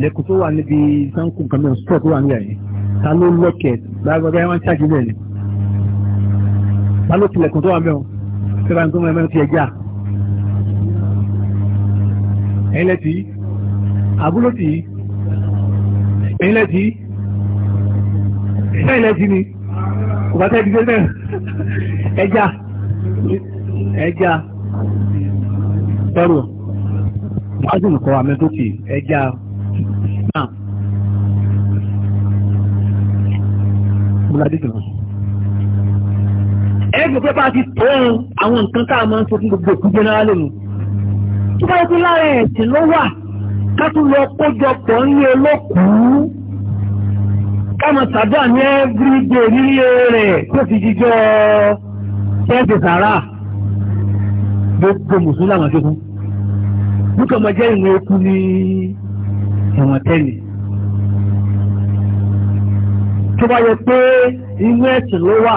lẹ́kùn tó wà níbi sáńkù kan náà stọ̀ tó wà níyà yìí ta ló lọ́kẹ̀ẹ́ bá gbọ́dọ̀ ẹ̀ wọ́n ṣáàjì bẹ́ẹ̀ ni ta ló tilẹ̀kùn tó wà mẹ́wọ̀n síra tó mọ̀ ẹ̀mẹ́ ti ẹja ẹ̀yìn lẹ́tì àbúrò tì ẹ̀yìn lẹ́tì ẹ̀yìn lẹ́tì ni kò bá tẹ́ ìdílé náà ẹja ẹja ẹrù wájú nǹkan àmì náà. Bùrọ̀dì kìlọ̀ ẹgbẹ́ pé bá ti tó ohun àwọn nǹkan tá a máa ń sọ fún gbogbo òkú jẹ́nẹ́rà lónìí. tó bá yẹ kó lára ẹ̀sìn ló wà ká tún lọ kójọpọ̀ ní olókùú ká máa sàdúrà ní ẹ́fírídé nílé rẹ̀ tó fi jíjọ́ ṣẹ́ẹ̀sì sàrà gbogbo mùsùlùmí àwọn akẹ́kọ̀ọ́ dúkọ̀ máa jẹ́ ìwé okú ní ẹ̀wọ̀n tẹ́lẹ̀ tó bá yẹ pé inú ẹ̀sìn ló wà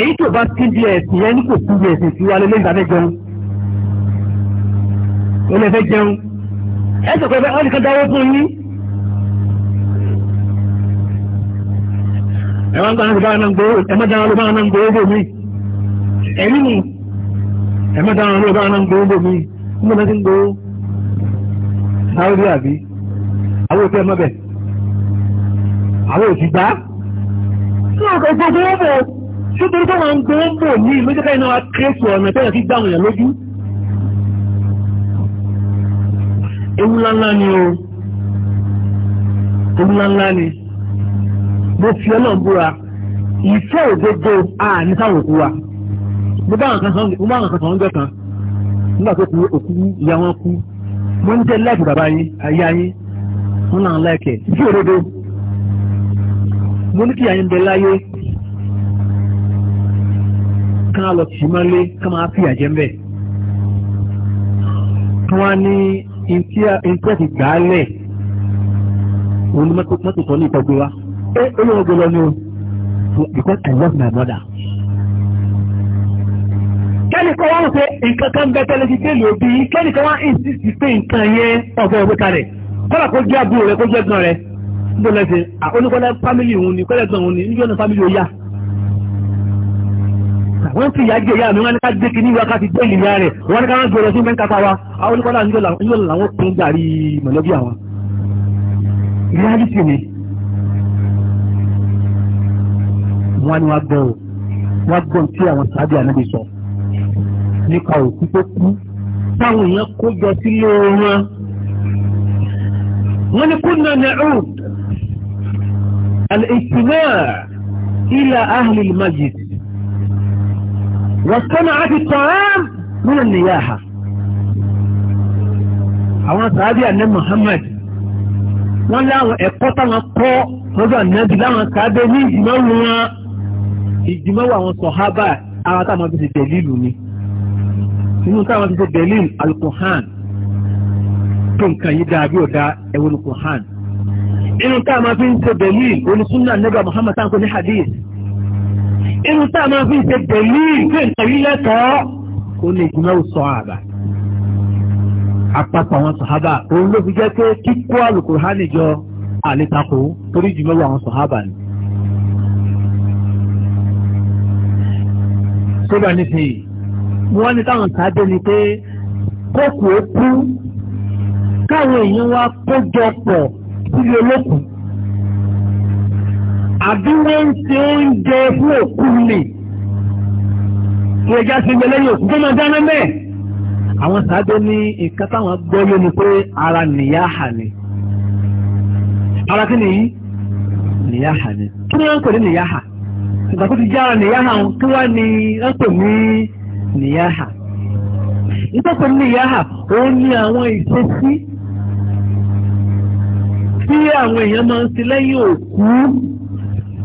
èyí tó bá sí bí ẹ̀sìn yẹn ní kò sí bí ẹ̀sìn sí wa lé lẹ́yìn tàbí jẹun ó lè fẹ́ jẹun ẹ sọ pé wọ́n nìkan dáwọ́ fún yín ẹ máa ń gbà náà náà gbowó ẹ máa dáná ló bá náà gbowó bò mí ẹ̀mí ni ẹ máa dáná ló bá náà gbowó bò mí ń bọ̀ náà ti ń gbowó sáwọ́dí àbí àwọn òfin ẹ̀mọ́bẹ̀ àwọn òfin gbá. Ṣé o kò gbogbo owó bò ó? nítorí pé wọ́n ń gbé ń bò ní ìlú jẹ́kẹ́ iná wa kírèsì ọ̀nà tẹ́yà sí gbàwọ̀n yàn lójú ewu ńláńlá ni o ewu ńláńlá ni mo fi ọlọ́run búra ìfẹ́ òdodo àní sáwọn òkú wa mo bá àwọn kan sàn ń jọ kan nígbà tó kú òkú ìyá wọn kú mo ń jẹ́ láìpẹ́ bàbá yín ayé yín wọ́n náà láìkẹ̀ sí òdodo mo ní kí àyè ń bẹ láyé kán lọ tì máa lé kán máa fìyà jẹ mbẹ kán wá ní ìntẹ́ẹ̀tì gbàálẹ̀ òun ni mọ́tò tọ́ ní ìtọ́gbé wa ẹ olóhùn gbé lọ ní o because I love my mother. kẹ́ni kan wá ń pe nǹkan kan bẹ tẹ́lẹ̀ ti délé òbí kẹ́ni kan wá ń insist pé nǹkan yẹn ọ̀gbẹ́ òwe kalẹ̀ kọ́lá kó jẹ́ àbúrò rẹ kó jẹ́ gbọ́n rẹ níbo lẹ́sìn àkóníkọ́lẹ́ family òun ni kọ́lẹ́ gbọ́n òun ni níjọ́ náà family ó yá wọ́n ti yà jẹ́ ìyá mi wọ́n ní ká dé kí ní ìwà ká ti dé ìlú rẹ̀ wọ́n ní ká wọ́n gbọ́dọ̀ sí bẹ́ńkà pàwá àwọn olùkọ́lá níjọ́ làwọn tó ń darí mọ̀lẹ́bí àwọn. reality ni wọ́n ní wọ́n gbọ́ wọ́n gbọ́ tí àwọn sábẹ́ ànábì sọ nípa òkú tó kú táwọn èèyàn kó jọ sílé wọn. wọ́n ní kó nà nàcúd al-ijtima' ila ahli al-majid. وصنعت الطعام من النياحة àwọn sàábì àná Muhammad wọ́n láwọn ẹ̀kọ́ táwọn kọ́ lọ́dọ̀ ànábì láwọn sàábì ní ìdìmọ́wò wọn ìdìmọ́wò àwọn sọ̀hábà ara táwọn fi ṣe dẹ̀lílù ni nínú táwọn fi ṣe dẹ̀lílù alukohan tó nǹkan yìí dáa bí ọ̀dá ẹ̀wọ̀n alukohan nínú táwọn fi ṣe dẹ̀lílù onísúnà nígbà Muhammad táwọn kò ní hadith irú tá a máa fi ṣe pẹ̀lú ìgbé ìtàrí lẹ́tọ̀ọ́ kó lè jùlọ sọ àbà apáta àwọn sàhábà òun ló fi jẹ́ pé kíkó àlùkùránì jọ àlétakò torí jùlọ àwọn sàhábà ni. sóbà nísìnyí wọ́n ní táwọn sáájú ni pé kókò ó kú káwọn èèyàn wá kó pọ̀ sílé olókùn. àbí wọ́n ń ṣe oúnjẹ fún òkú lè ìrẹ̀já sí ilé lẹ́yìn òkú tó máa dáná mẹ́ẹ̀. àwọn sáábẹ́ ní nǹkan táwọn gbọ́ ni pé ara nìyá hà ni ara kí nìyí nìyá hà ni kí ni wọ́n ń pè ní nìyá hà ara nìyá hà kí wọ́n pè ní nìyá hà ìtọ́pẹ́ ni àwọn ìṣesí tí àwọn èèyàn máa ń ṣe lẹ́yìn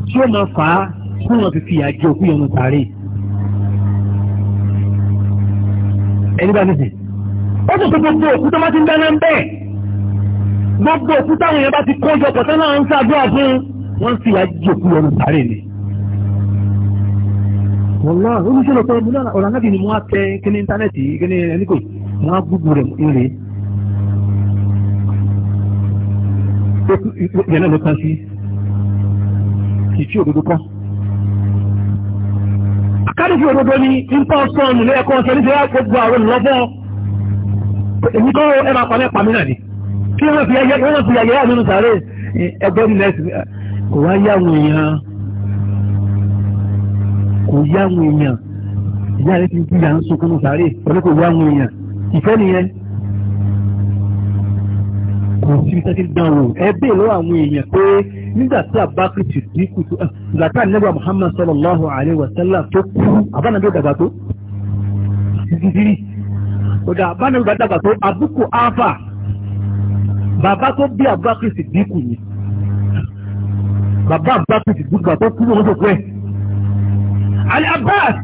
tí ó máa fà á fún wọn fi fi àjẹ òkú yẹn nù sàárè. ẹni bá nìsín ó sì tó gbogbo òkú tó bá ti ń dáná ń bẹ́ẹ̀ gbogbo òkú táwọn èèyàn bá ti kó jọ pọ̀tán náà ń ṣàdúrà fún wọn fi àjẹ òkú yẹn nù sàárè ni. wọ́lá olùsọ̀rọ̀ pé mo náà ọ̀rọ̀ anábì ni mo á tẹ kíní íńtánẹ́ẹ̀tì kíní ẹni kò mo á gbúgbù rẹ̀ ìrè. yẹn náà ló kàn sí kì í fi òdodo kọ́. Akádé fi òdodo ni nǹkan sọ̀nù lé ẹ̀kọ́ ọ̀sẹ̀ níṣẹ́ gbogbo àwọn olùlọ́fọ́. Èmi kọ́ ẹ máa pa náà ni. Kí wọ́n fi ẹyẹ wọ́n fi ẹyẹ àmì sàárè ẹgbẹ́ mi lẹ́sìn. Kò wá yá èèyàn. Kò yá èèyàn. Ìyá rẹ̀ ti fi ìyá ń sunkún sàárè. Wọ́n kò yá èèyàn. Ìfẹ́ nìyẹn kò sí sẹ́kí dánwò ẹbí lọ́wọ́ àwọn èèyàn pé nígbà tí abakri ti dínkù tó eh, ìgbà tí ànábì muhammad sallallahu alayhi wa sallam tó kú abánabi dàgbà tó dídírí kódà abánabi dàgbà tó abúkù afa bàbá tó bí abakri ti dínkù ni bàbá abakri ti dínkù bàbá tó kú wọn tó kú ẹ. ali abbas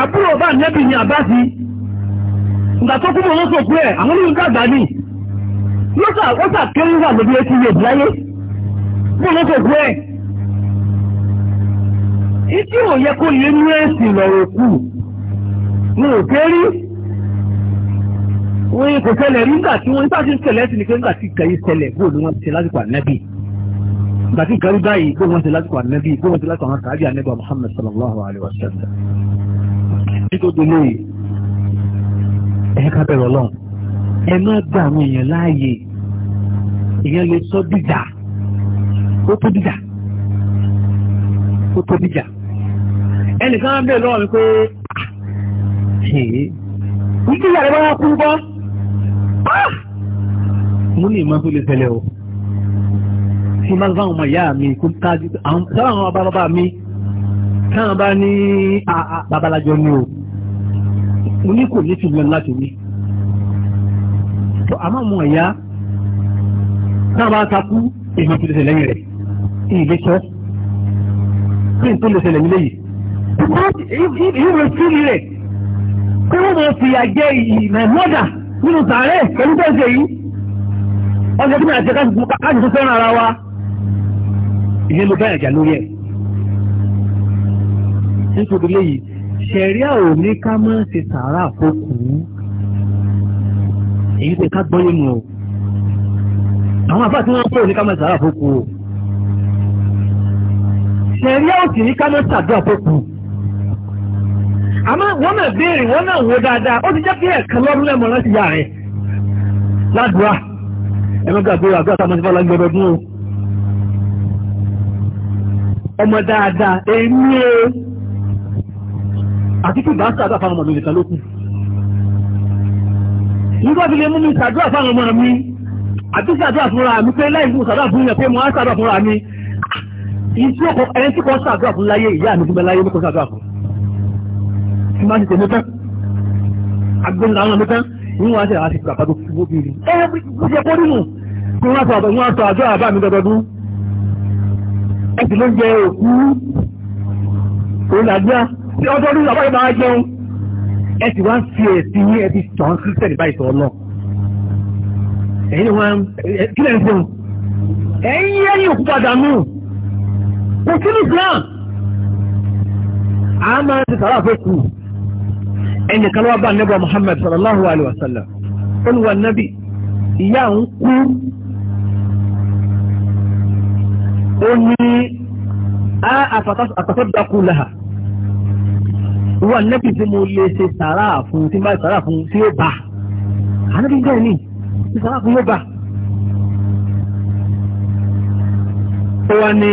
àbúrò bá nẹ́bì ni abbas yìí ìgbà tó kú wọn tó kú ẹ àwọn onígbàgbà ni lọ́sà ó sà kéré wà lóbi etí yóò fún ló sòkú ẹ̀. Ìtí ò yẹ kó lé ní ẹ̀sìn lọ́rọ̀ kù ní òkè rí. Wọ́n kò ṣẹlẹ̀ rí nígbà tí wọ́n nígbà tí ń ṣẹlẹ̀ ẹ̀sìn nìkan nígbà tí kẹ̀yí ṣẹlẹ̀ bó ni wọ́n ti ṣe lásìkò ànẹ́bì. Nígbà tí kẹ̀rí báyìí bó wọ́n ti lásìkò ànẹ́bì bó wọ́n ti lásìkò àwọn kàábì ànẹ́bì Muhammad sallallahu alayhi wa sallam. Nítorí lóye, ẹ̀ka bẹ̀rẹ̀ ọlọ́run, ẹ má gbà àwọn èèyàn láàyè, èèyàn lè sọ dìjà ó tó dìjà ó tó dìjà ẹnìkan á bèèrè lọ́wọ́ mi pé ah, ìdí ìyàrá bá wá kú bọ́ ah! mo ní ìmọ̀ tó lè o tí máa ń ọmọ ìyá mi kó tájú àwọn sábà àwọn bàbá bàbá mi táwọn bá ní babalájọ ni o mo ní kò ní ṣùgbọ́n láti ní àmọ́ ọmọ ìyá táwọn bá takú èèyàn tó lè rẹ̀ ìgbé sọ kí n tó lè ṣẹlẹ̀ nílé yìí ìwé sílì rẹ̀ kí wọ́n mọ̀ fi àjẹ́ ìmọ̀ mọ́dà nínú tààrẹ pẹ̀lú bẹ́ẹ̀ yìí ọjọ́ tí mẹ́rin àti káàkiri tó fẹ́ràn ara wa ìyẹn ló bẹ́ẹ̀ jà lórí ẹ̀ nítorí léyìí ṣẹ̀ríà ò ní ká mọ́ ṣe sàárà àkókò èyí tẹ ká gbọ́ yé mu o àwọn àbá tí wọ́n pọ̀ ní ká mọ́ ṣe sàárà àkókò o. ṣẹ̀rí òsì ní kámọ́ ṣàdúrà tó kù. àmọ́ wọ́n náà béèrè wọ́n náà wo dáadáa ó ti jẹ́ pé lọ́dún láti yà rẹ̀ ládùúrà àgbà tá a máa ti fọ́lá gbọ́dọ̀ dún o. ọmọ dáadáa èmi o àti kí bàá ṣàdúrà fáwọn ọmọ nìkan ló kù. nígbà tí lè mú mi ṣàdúrà fáwọn ọmọ mi àti ṣàdúrà fúnra mi pé láì fún ṣàdúrà fún pé mo á ṣàdúrà fúnra mi iṣẹ́ ọkọ̀ ẹni tí kan ṣàdúrà fún láyé ìyá mi gbígbẹ́ láyé mẹ́kọ̀ọ́ ṣàdúrà fún tí máa ti tẹ̀ mẹ́tán agbẹ́nulà àwọn mẹ́tán wọ́n wá sí àwọn àti pàpàdé fúgbó bí i ẹ bí ṣe kó nínú tí wọ́n sọ wọ́n sọ àjọ àbá mi dọ́dọọdún ẹ sì ló ń jẹ òkú olùdàdúrà tí ọdọọdún àbá yìí máa jẹun ẹ sì wá ń fi ẹ̀sìn yín ẹ ti tàn sí sẹ́ni báyìí tọ́ lọ ẹ̀yin ni wọ́n kílẹ̀ ń fún ẹ̀yin yẹ́yìn òkú padà nù kò sí ní Islam a máa ti sàrà fẹ́ kú ẹnìkan wá bá nẹ́bọ̀ Muhammad sallallahu alayhi wa sallam olùwà nàbì ìyá ń kú ó ní a àfàtọ́dàkú lẹ́hà olùwà nàbì tí mo lè ṣe sàrà fún tí máa sàrà fún tí ó bá ànábì ń bẹ́ẹ̀ ni tí sàrà fún yóò bá ó wá ní.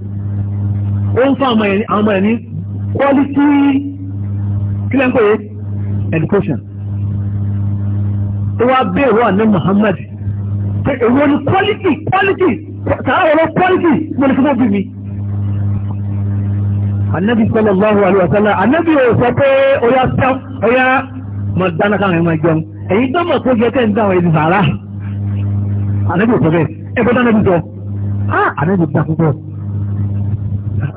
ó ń fún àwọn ọmọ quality kílẹ̀ education ó wá bẹ́ẹ̀ wà ní Muhammad pé èwo ni quality quality sàrà wọ́n quality mo lè fún mọ́ bí mi. anabi sallallahu alayhi wa sallam anabi ò sọ pé ọ̀yà sẹ́f ọ̀yà mọ̀ dáná káwọn ẹ̀ máa jẹun èyí tó mọ̀ tó yẹ kẹ́ ń dáwọn ẹ̀ ní sàrà anabi ò sọ bẹ́ẹ̀ ẹ̀ bọ́ dáná bí sọ ah anabi dá púpọ̀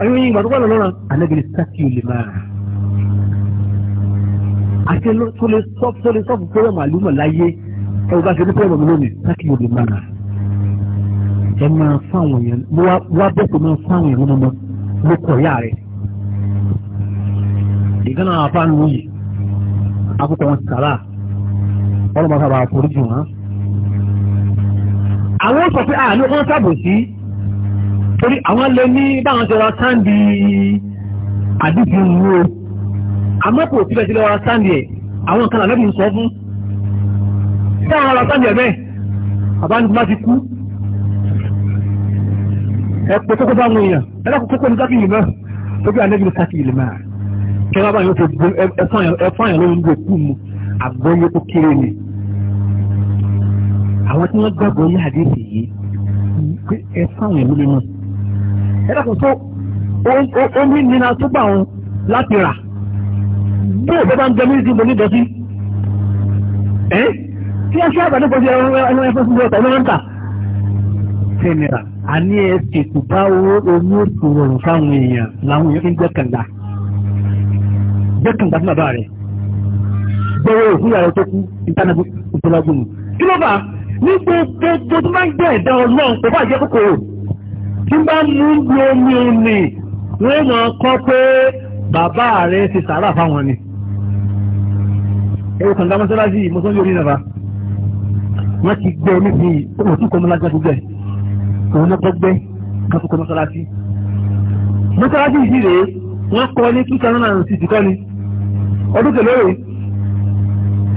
ẹ̀yìn yìí gbàdúgbà lọ lọ́ràn ànábì ní sákì ò lè máa rà àti tó lè sọ́ọ̀fù tó lè sọ́ọ̀fù pé ọmọ àlùmọ̀ láyé ẹ̀rù bá ṣe ní pẹ́ẹ́mọ̀ mi lónìí sákì ò lè máa rà ẹ máa fáwọn yẹn wá bẹ́ẹ̀ máa fáwọn yẹn lọ́mọ ló kọ̀ yá rẹ̀ ìgbọ́n náà àfa nù yìí akókò wọn sàrà ọlọ́mọ sábà àforíjì wọn àwọn sọ pé àná wọn sábò sí torí àwọn lè ní báwọn ṣe ra sáǹdì àdìsí ìlú o àmọ́pò tí bẹ́ẹ̀ ti lọ́ra sáǹdì ẹ̀ àwọn kan àlọ́bì ń sọ fún táwọn ará sáǹdì ẹ̀ bẹ́ẹ̀ bàbá ní bá ti kú ẹ pé kókó bá wọn èèyàn ẹlẹ́kùn kókó ní sákìlì náà tóbi àlẹ́bì ní sákìlì náà kí wọ́n bá yóò tó gbé ẹfọ́ àyàn lórí ìgbè kú mu àgbọ́yé kó kéré ni àwọn tí wọ́n gbàgbọ́ yé àdéhùn yìí pé ẹfọ́ àyàn lórí náà ẹ̀rọ kò tó omi nira tó gbà wọn láti rà tó òbẹ́ bá ń jẹ mílíọ̀tì mo ní dọ̀tí ẹ́ tí a ṣe àgbàdo pọ̀ sí ẹran ẹ̀fọ́ fún ọ̀tọ̀ ẹ̀rọ ń tà tẹ̀mẹ̀rà a ní ẹ ṣètò bá owó omi òtò rọrùn fáwọn èèyàn làwọn èèyàn ń gbẹ́kànlá gbẹ́kànlá fún bàbá rẹ̀ gbọ́wọ́ òfin ìyàrá tó kú ìtànàbù ìtọ́lágbọ̀n kí ló bá ní gbogbo tó máa ń gbẹ́ ẹ̀dá ọlọ́run kò bá jẹ́ kókòrò tí bá mú bí omi omi wọ́n máa kọ́ pé bàbá rẹ̀ ti sàárà fáwọn ni ẹ̀rọ kànga mọ́sálásí mọ́sán lórí nàbà wọ́n ti gbẹ́ omi fi òun tí kò mọ́ lájá gbogbo ẹ̀ òun náà gbọ́gbẹ́ kan tó kọ́ mọ́sálásí mọ́sálásí yìí rèé wọ́n kọ́ ní two thousand and six kọ́ ni ọdún kẹlẹ́rẹ́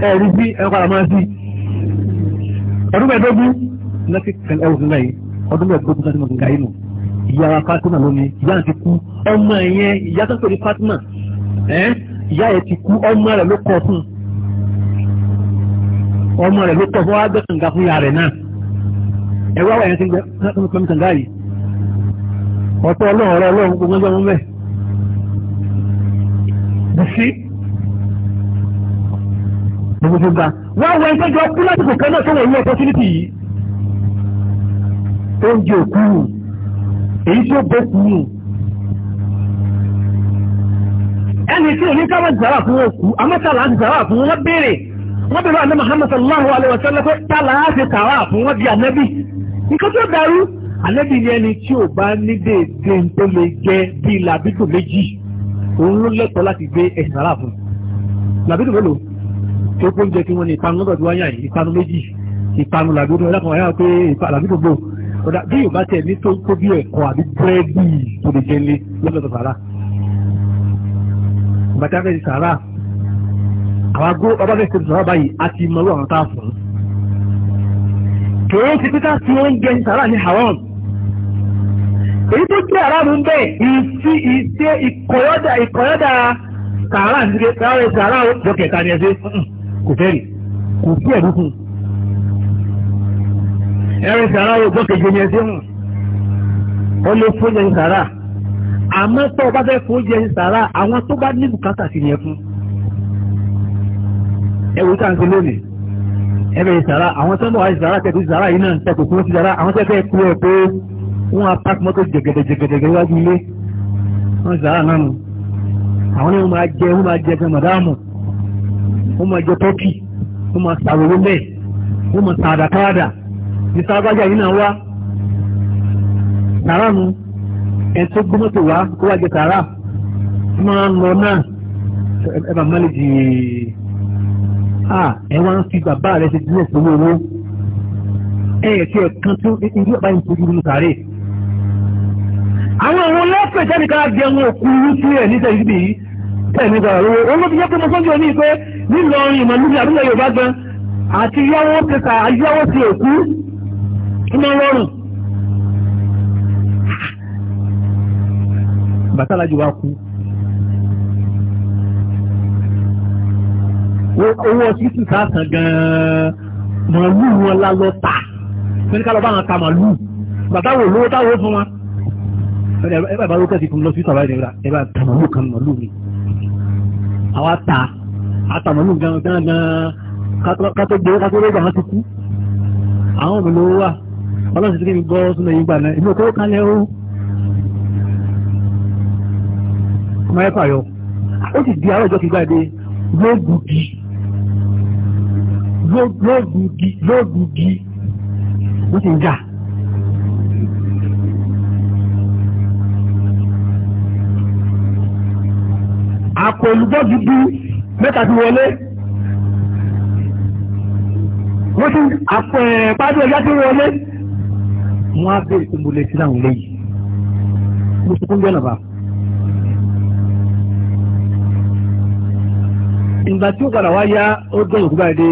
ẹ̀rí sí ẹ̀rọ padà máa sí ọdún mẹ́ẹ̀ẹ́dógún lọ́kì kẹlẹ́rẹ́ òun náà yìí ọdún bẹ́ẹ̀ gbógun sátìmọ̀ gbìngà yìí nù ìyá wa Fatima lónìí ìyá ti kú ọmọ yẹn ìyá tó pè ní Fatima ìyá yẹn ti kú ọmọ rẹ̀ ló kọ̀ fún ọmọ rẹ̀ ló kọ̀ fún wàá gbé kànga fún ìyá rẹ̀ náà ẹ̀rọ àwọn yẹn ti gbẹ kànga kànga yìí ọ̀tọ̀ ọlọ́run ọ̀rọ̀ ọlọ́run gbogbo ẹgbẹ́ wọn bẹ́ẹ̀ bùsí gbogbo gbogbo wá wọ ẹgbẹ́jọ kú láti kò kẹ́ náà tó wọ̀ ní yìí oúnjẹ òkú nù èyí tí ó bẹ́ sí nù. ẹni tí òní ká wọ́n zàrà fún òkú amẹ́tàlá ti zàrà fún wọn béèrè wọ́n bẹ̀rẹ̀ àná Muhammad sallallahu alayhi wa sallam pé tàlá ti tàrà fún wọn di ànábì nǹkan tó dàrú ànábì ni ẹni tí ò bá ní déédé tó lè jẹ bíi làbídò méjì òun ló lẹ́tọ̀ọ́ láti gbé ẹ̀sìn zàrà fún làbídò mélòó tí ó kó ń jẹ kí wọ́n ní ìpanu lọ́dọ̀ tí wọ́n yàn ìpanu méjì ìpanu làbídò ẹ̀dá kan wáyà pé làbídò gbòó ọ̀dà bí yóò bá tẹ̀ ní tó tó bí ẹ̀kọ́ àbí búrẹ́dì tó lè jẹ́lé lọ́dọ̀ sàrà bàtà fẹ́ sàrà àwọn agbó ọba fẹ́ ṣe sàrà báyìí a ti mọ̀rọ̀ àwọn tá a fún un kìí ti pítà tí ó ń jẹ sàrà ní haram èyí tó jẹ́ haram ń bẹ̀ ìsí ìṣe ìkọ̀yọ́dà ìkọ̀yọ́dà sàrà ní sàrà ó jọ kẹta ni ẹ ẹ̀rín sàrà yóò gbọ́ kejì yẹn sí hùn ó lè fún yẹn sàrà àmọ́ tó o bá fẹ́ fún yẹn sàrà àwọn tó bá ní bùkátà sí yẹn fún ẹ̀wù tá à ń ṣe lónìí ẹ̀bẹ̀ sàrà àwọn tó ń bọ̀ wá sàrà tẹ̀kù sàrà yìí náà ń tẹ̀kù fún sàrà àwọn tó fẹ́ kú ẹ̀ pé wọ́n á pàkì mọ́tò jẹ̀gẹ̀dẹ̀jẹ̀gẹ̀dẹ̀ wájú ilé wọ́n sàrà náà nù àwọn ni wọ́n máa jẹ wọ́n máa jẹ fẹ́ mọ̀dáàmù wọ́n máa jẹ tọ́kì wọ́n máa sàrò lómẹ́ wọ́n máa sàdàkàdà mr agbájá yìí náà wá sàrà nu ẹni tó gbé mọ́tò wá kó wá jẹ sàrà tí máa ń lọ náà ẹ bá má lè jì ẹ wá ń fi bàbá rẹ ṣe díẹ̀ sówó owó ẹ yẹ kí ẹ kan tó irú ọba yìí tójú nínú sàrè. àwọn òun lọ́pẹ̀ jáde ká di àwọn òkú irú sí ẹ̀ ní sẹ́yìn bíi tẹ̀mí gbàrà lówó òun ló fi jẹ́ pé mo sọ́jú omi pé nílọrin ìmọ̀lúbi àdúgbò Yorùbá gan àti yáwó kẹta ayáwó ti òkú iná lọ́rùn. bàtà alájò wa kú. owó títù sáàsán gan-an màálù wọn lálọ́ ta wọ́n ní ká lọ bá wọn ta màálù bàtà wò lówó táwọn fún wọn ẹ bá lókè sí fún lọ sí sọ̀rọ̀ ìrẹ́ra ẹ bá tàmàlú kan màlú mi àwa ta àtàmàlú gan gan gan kátó gbé kátó lóògbà wọn ti kú àwọn ọmọ lówó wà ọlọ́sìn tí kí n gbọ́ sílẹ̀ yìí gbà náà èmi ò kó kalẹ̀ o ọmọ ẹ̀fà yọ ó sì di àárọ̀ ọjọ́ kí gbàdé lóògùdì lóògùdì lóògùdì ó sì ń jà. àpò olùgbọ́ dúdú mẹ́ta ti wọlé wọ́n ti àpò ẹ̀ eh, pàdé ọjà ti wọlé. wọ́n á bèrè pé mo lè na àwọn eléyìí mo sunkún jọ̀nà bá. ìgbà tí ó padà wá yá ó dé òkú báyìí dé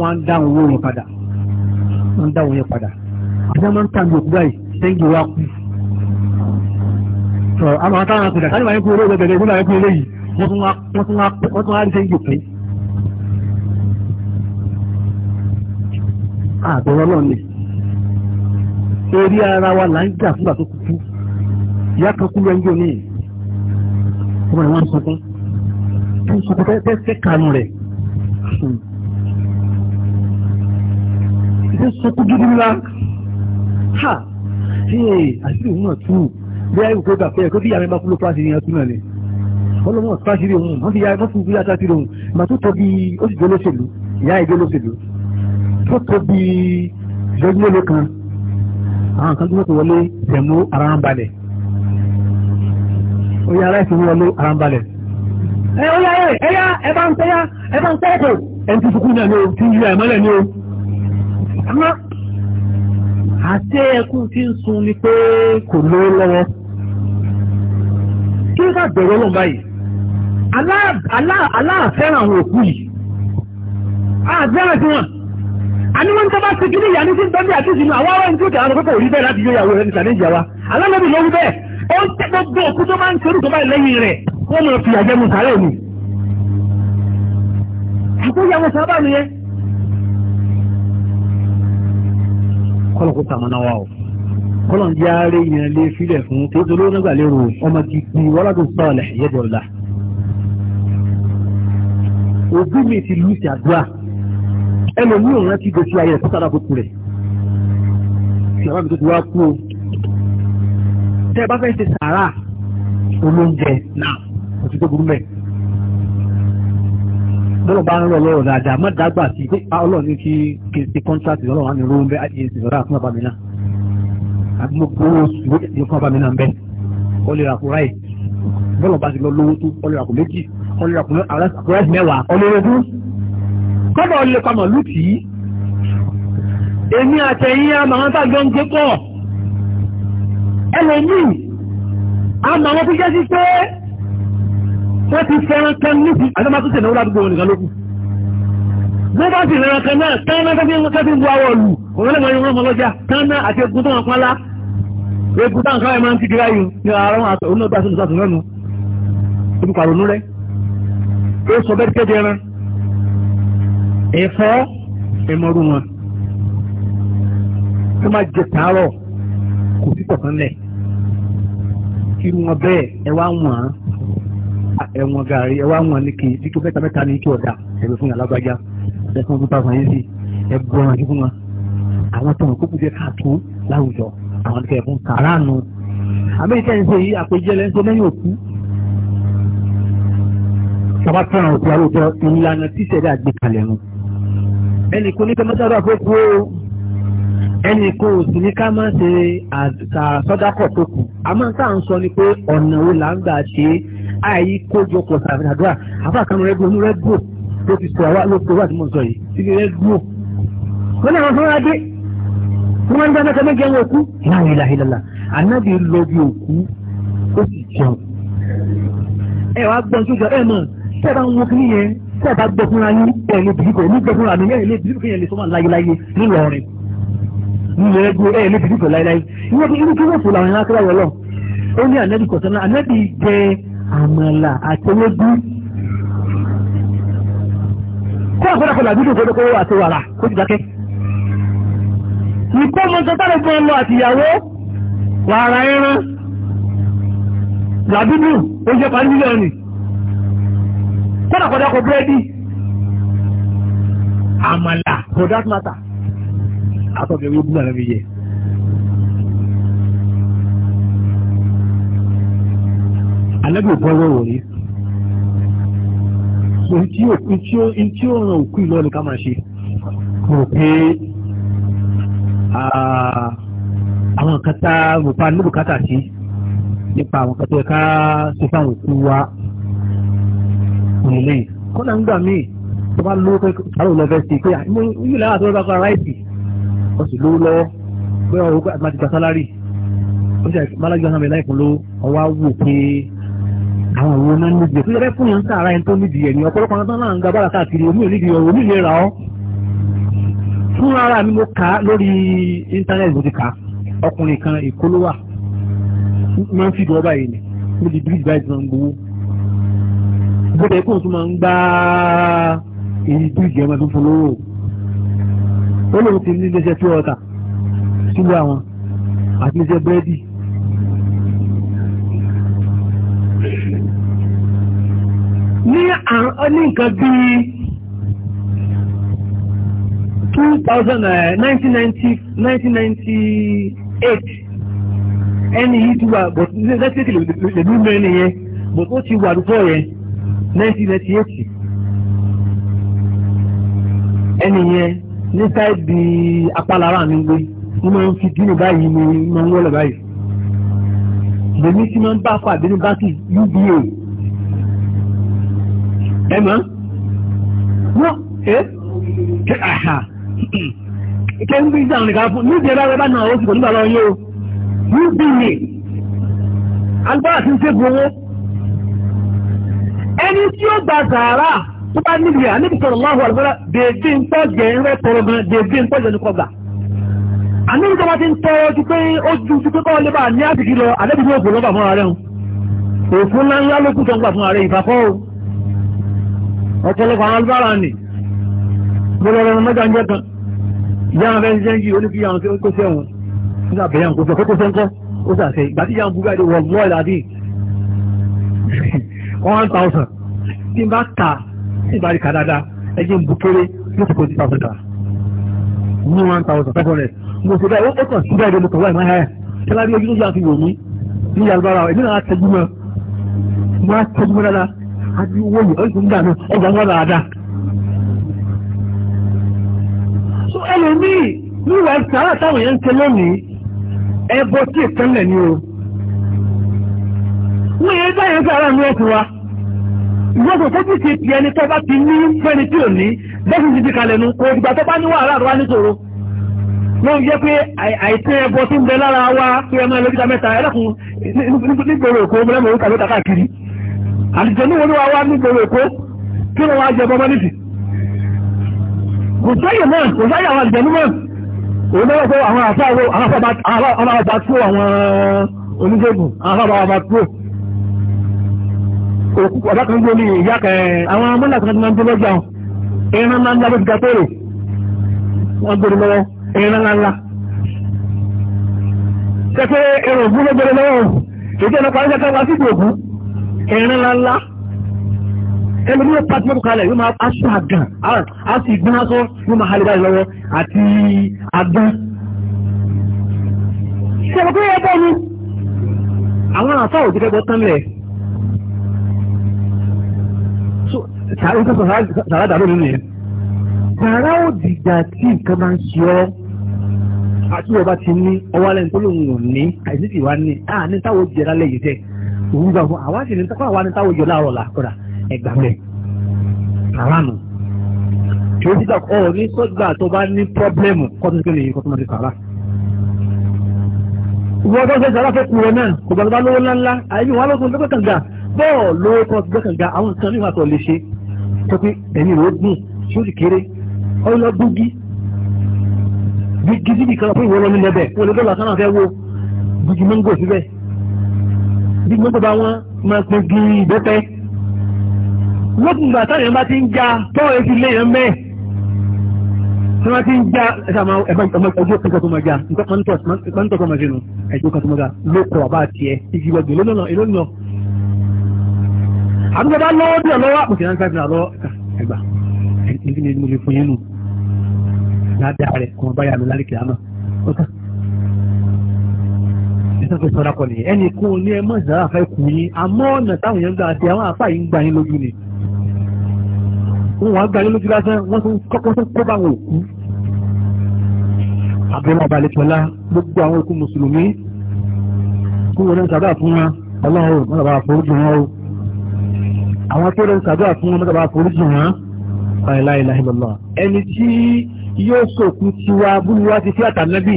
wọ́n ń dá owó yẹn padà wọ́n ń dá owó yẹn padà àti wọ́n máa ń tà ní òkú báyìí kú. àwọn káyọ̀ máa ń kú owó wọ́n tún orí ara wa là ń jà fúngbà tó kúkú ìyá kan kú lọ́njọ́ ní ọmọ ìwọ̀n sọ̀tún tó ń sọ̀tún tẹ́tẹ́ kanu rẹ̀ ṣe sọ̀tún gidi ńlá ha ee àti òun náà tú bí ayé òkú gbà pé ẹ̀kọ́ bí yàrá bá kú ló pàṣẹ ìyẹn tún náà ni ọlọ́mọ pàṣẹ ìrìn òun wọ́n fi yàrá fún ìyá tá ìrìn òun màá tó tóbi ó sì jẹ́ olóṣèlú ìyá ìjẹ́ olóṣèlú tó tóbi ìjọ́jú mélòó kan àwọn kan tó wọlé tẹ̀mú ara ń balẹ̀ ó yá aláìsí wọlé ara ń balẹ̀ ẹ ó yá ẹ ẹyá ẹ bá ń tẹ́yá ẹ bá ń tẹ́ẹ̀kọ̀ ẹ ti fukú náà ni o ti ń yọ ẹ̀mọ́lẹ̀ ni o. àmọ́ àti ẹkún ti ń sun ni pé kò lówó lọ́wọ́ kí ká bẹ̀rẹ̀ ọlọ́run báyìí aláàfẹ́ràn àwọn òkú yìí àgbẹ̀rẹ̀ sí wọn. àníwọ́n tó bá ti kí ní ìyàní sí tọ́jú àti ìsinmi àwọn ọ̀rọ̀ tí ó tẹ̀wọ́n kókò bẹ́ẹ̀ láti yọ ìyàwó rẹ̀ nìkan ní wa ló wí bẹ́ẹ̀ ó ń tẹ́ gbogbo òkú tó máa ń ṣerú tó bá lẹ́yìn rẹ̀ wọ́n mọ̀ fi àjẹ́ mu sàárẹ̀ mi. àgbéyàwó sábà nìyẹn. kọ́lọ̀ kó tàmánà wa o kọ́lọ̀ ń yáre yẹn lé sílẹ̀ fún tó òbí mi ti ẹlòmíì òun ti gbèsè ayẹyẹ tó sára gbogbo rẹ̀ ìyàwó mi tó ti wá kú o tẹ́ ẹ bá fẹ́ ṣe sàárà olóúnjẹ náà kò sí tó burú mẹ́ bọ́lọ̀ bá ń rọ̀ lọ́rọ̀ dáadáa má dàgbà sí pé ah, ọlọ́run ní kí kí n ṣe kọ́ńtrátì ọlọ́run á ní olówó ń bẹ́ àti èsì ọ̀rá fún abàmì náà àti mo gbowó oṣù wọ́n ti fún abàmì náà ń bẹ́ ọlẹ́ra kò ráì bọ́lọ̀ bá ti lọ lówó tó ọlẹ́ra kò méjì ọlẹ́ra kò ráì mẹ́wàá ọlẹ́ra ogún kọ́bọ̀ lè pamọ̀ lùtì yìí èmi àtẹ̀yìn àmàwọn tàbí oúnjẹ pọ̀ ẹlòmíì àmàwọn tó jẹ́ sí pé wọ́n ti fẹ́ràn kan lùtì àtàmà tó tẹ̀lé ládùúgbò wọn nìkan lókù bó bá sì rẹ̀ràn kan náà tán náà tẹ́bí tẹ́bí bu awọ lù òmìnira ìwọ̀n ọmọ lọ́jà tán náà àti egun tó wọn pálá egun táwọn káwẹ̀ máa ń ti dira yìí ní àárọ̀ àtọ̀ onígbàsílùsàtò lọ́nu ibi pàrọ̀nù rẹ̀ ó sọ bẹ́ẹ̀ tẹ́jẹ́ rẹ̀ ẹ̀fọ́ ẹ̀mọ́rú wọn tó máa jẹ tààrọ̀ kò sí tọ̀kan lẹ̀ irú wọn bẹ́ẹ̀ ẹ wá wọ̀n ẹ wọ̀n gàrí ẹ wá wọ̀n ní kí ní kí mẹ́ta mẹ́ta ní kí ọ̀dà ẹ̀bẹ̀ fún alágbájá ẹ̀fọn tó tàwọn yín sí ẹ bọ́ wọn sí fún wọn àwọn tó wọn kó kù káàtó láwùjọ àwọn ní kẹfún kàránù amẹ́ríkà ń ṣe yí àpèjẹ lẹ́ńṣẹ́ lẹ́yìn òkú sabatana òkú àlòjọ ìlànà tíṣẹ̀dá gbé kalẹ̀ ẹnìkan ní kẹ́mọ́tà rà fún kú o ẹnìkan ò sì ní ká má ṣe àsọdákọ̀ tó kù àmọ́ tá à ń sọ ni pé ọ̀nà wo là ń gbà ṣe àyí kójọpọ̀ sàdúrà àfàkànnù rẹ gbòòmù rẹ gbò ló ti sọ wá ló sọ wá tí mo sọ yìí síbi rẹ gbò. wọ́n ní àwọn fúnra dé wọ́n máa ń dáná tí ẹ bá gbọ́ fúnra yín ẹ lè bìí kò ní gbọ́ fúnra mi ẹ lè bìí kò yẹn lè sọ́mọ́ láyéláyé ńlọrọrin nílẹ̀ ẹgbẹ́ ẹ lè bìí kò láyéláyé ìwé bí irú kí wọ́n fòlà àwọn akẹ́rẹ́ wọlọ́ ó ní ànẹ́bì kọ̀tánná ànẹ́bì jẹ àmàlà àtẹwédú kó àfọdàfọdà àdúgbò kọ́dọ́kọ́wọ́ àti wàrà kó ti dákẹ́ ìkó mọ́tò tá wàrà ẹran làbíbù ó jẹ́ parí mílíọ̀nù kódà kódà kó búrẹ́dì àmàlà for that matter àtọ̀gẹ̀ wí búlọ̀ lẹ́nu yẹ. alẹ́ bí bọ́ lọ́wọ́ so ohun tí òkú tí ó ń tí ó ràn òkú ìlú ọ̀nì ká máa ṣe mo rò pé ah, àwọn kan tá mo pa níbùkátà sí nípa àwọn kan tó yẹ òkú wa fún ilé yìí kọ́nà ń gbà míì tó bá lówó pé àrùn lọ́fẹ́ sí pé yìí lára tó bá kọ́ ráìtì wọ́n sì lówó lọ́wọ́ pé ọ̀rọ̀ òkú àti màtìgbà sálárì ó sì málájú àwọn ẹ̀láì fún lówó ọwọ́ á wò pé àwọn òun náà níbi ẹ̀ tó yẹ fún yàn sára ẹni tó níbi ẹ̀ ní ọ̀pọ̀lọpọ̀ àwọn tó náà ń ga bára káàkiri omi ò níbi ọ̀rọ̀ omi lè ra ọ́ fún ara mi mo kà á lórí íńtánẹ́ẹ̀tì mo ti kà á ọkùnrin kan ìkólówà máa ń fìdí ọba yìí ni níbi bíríìjì báyìí ti máa ń gbowó bó tẹ kóun tún máa ń gbá èyí tó ìjẹ́ máa tún fún lówó ó lóun ti ní iléeṣẹ́ pure water sílùú àwọn àti iléeṣẹ́ búrẹ́dì. ní nǹkan two thousand nineteen ninety eight ẹni yìí ti wà bọ̀ lẹ́sẹ̀kì lè lú mẹ́rin yẹn bọ̀ tó 1998 ẹni yẹn ní sáìdì apálára mi gbé ní máa ń fi dínú báyìí ní máa ń wọlé báyìí lèmi tí máa ń bá pàdé ní báńkì uba ẹ mọ̀ wọ́n ẹ kẹ àhà kẹ ń gbé ìdáhùn nìkan fún ní ìdíyẹ bá bá náà ó ti kò nígbà lọ yé uba alùpàdà ń ṣe gbowó ẹni tí ó gba sàárà tó bá níbi àníbi sọ̀rọ̀ láhùn àlùfẹ́lá dèbí ń tọ́jẹ̀ ń rẹ́ tọrọ gan dèbí ń tọ́jẹ̀ nìkan gbà àníbi tó bá ti ń tọrọ ju pé ó ju ju pé kọ́ lé bá ní àsìkí lọ àdébí tó òfin lọ́gbà fún ààrẹ hùn òfin ńláńlá ló kù tó ń gbà fún ààrẹ ìfàkọ́ o ọ̀pọ̀lọpọ̀ àwọn alùbárà nì mo lọ rọrùn mẹ́ta ń jẹ́ kan ìyá àwọn fẹ́ẹ́ ṣiṣẹ́ ń yí bí n bá kà ìbárí kà dáadáa ẹjẹ́ ń bu kéré ti kó two thousand ní one thousand five hundred mo ṣe báyìí ó kàn sí báyìí mo kàn wáyé máa yáyà tẹ́lá bí ojú ló yà fi wò mí ní yàrá ẹ̀mí náà tẹ́jú mọ́ mo á tẹ́jú mọ́ yìí ọ̀yìn tó ń dà ń wá so ẹlòmíì ní ìwà yẹn gbogbo sójú ti ti ẹni tó bá ti ní fẹ́ni tí ò ní bẹ́sì ti fi kalẹ̀ nu kò ìgbà tó bá ní wàhálà rọ wá níṣòro ló ń jẹ́ pé àìsí ẹbọ tó ń bẹ lára wa pé ẹ máa lójúta mẹ́ta ẹlẹ́kùn nígboro èkó mẹ́lẹ́mọ̀ orúkà ló tàkà kiri àlùjọ ní olúwa wa nígboro èkó kí wọ́n wá ọ̀dọ́ kan gbóni ìyá kẹ àwọn amúlẹ̀ kan máa ń gbé lọ́jà ìran ńlá ńlá ló ti ga péré wọ́n gbóni lọ́wọ́ ìran ńlá ńlá. kẹ́kẹ́ ẹ̀rọ ògún ló gbóni lọ́wọ́ èdè ẹ̀rọ parí ẹ̀ka wá síbi ògún ìran ńlá ńlá. ẹni ní pàtí mọ́tò kalẹ̀ yóò máa aṣọ àgàn á sì gbọ́n aṣọ yóò máa halẹ̀ báyìí lọ́wọ́ àti bọ́ ni àwọn sàrà ó sọ̀rọ̀ sàrà dàrú nínú yẹn sàrà ó dìgbà tí nǹkan máa ń ṣe ọ́ àti ọba ti ní ọwọ́ alẹ́ nítorí òun ò ní àìsí ti wá ní à ní táwọn jẹ lálẹ́ yìí tẹ̀ òun gbà fún àwa sì ní táwọn àwa ní táwọn jọ láàárọ̀ làkọ́dà ẹgbàá mẹ́ sàrà nù tí ó sígbà ọ̀ ní sọ́gbà tó bá ní pọ́blẹ́mù kọ́tún kí ni ìyẹn kọ́tún máa ti sàrà wọ́n tó ṣe sàrà fẹ́ kúrò náà kò gbàgbà lówó ńláńlá àyè wọn lọ́sùn lọ́gbẹ̀kànga bọ́ọ̀ lówó kan gbẹ̀kànga tó pé ẹ̀yìn rẹ̀ ó gùn tí ó sì kéré ọlọ́ gbógi gidi nìkan fún ìwọ́n lọ́nà lẹ́bẹ̀ wọ́n lè dọ́là sára fẹ́ wo gidi mọ́ngò síbẹ̀ bí mọ́ngò bá wọ́n máa pin gírí ìbẹ́pẹ́ lókùn ìgbà táwọn èèyàn bá ti ń ja tọ́wọ́ etí ilé yẹn mẹ́ẹ̀ tí wọ́n ti ń ja ẹ̀sàmà ẹgbẹ́ ọjọ́ tó máa ja nǹkan tó máa ṣe nù kan tó máa ga lóko àbá tiẹ̀ ìgbìgbọ̀gbẹ̀ lónà àdúgbò bá lọ́wọ́ díẹ̀ lọ́wọ́ àpòkè náà sáfìnà lọ́wọ́ ẹgbà ẹni ní mo lè fún yín nù ládàá rẹ̀ kọ́ báyà mi lálẹ́ kìlámà ọ̀tá ìṣẹ́ tó sọ́ra kọ nìyẹn ẹnì kan ní ẹ mọ̀ ìṣẹ́ra fẹ́ kù yín àmọ́ ọ̀nà táwọn èèyàn gbà àti àwọn àfáà yìí ń gbà yín lójú ni wọ́n wá gbà yín lójú lásán wọ́n tún kọ́kọ́ tó kọ́ bá wọn òkú abẹ́rẹ́ abalẹ̀tọ́lá gbogbo àwọn òkú mùsùlùmí kí wọ́n náà sábà fún wa ọlọ́run ọlọ́run àforíjì wọn o àwọn tó lè ṣàdúrà fún wọn mọ́tàbá foríjì wọn la ilaha illallah ẹni tí yóò sòkú tiwa búrúwá ti fi àtànẹ́bì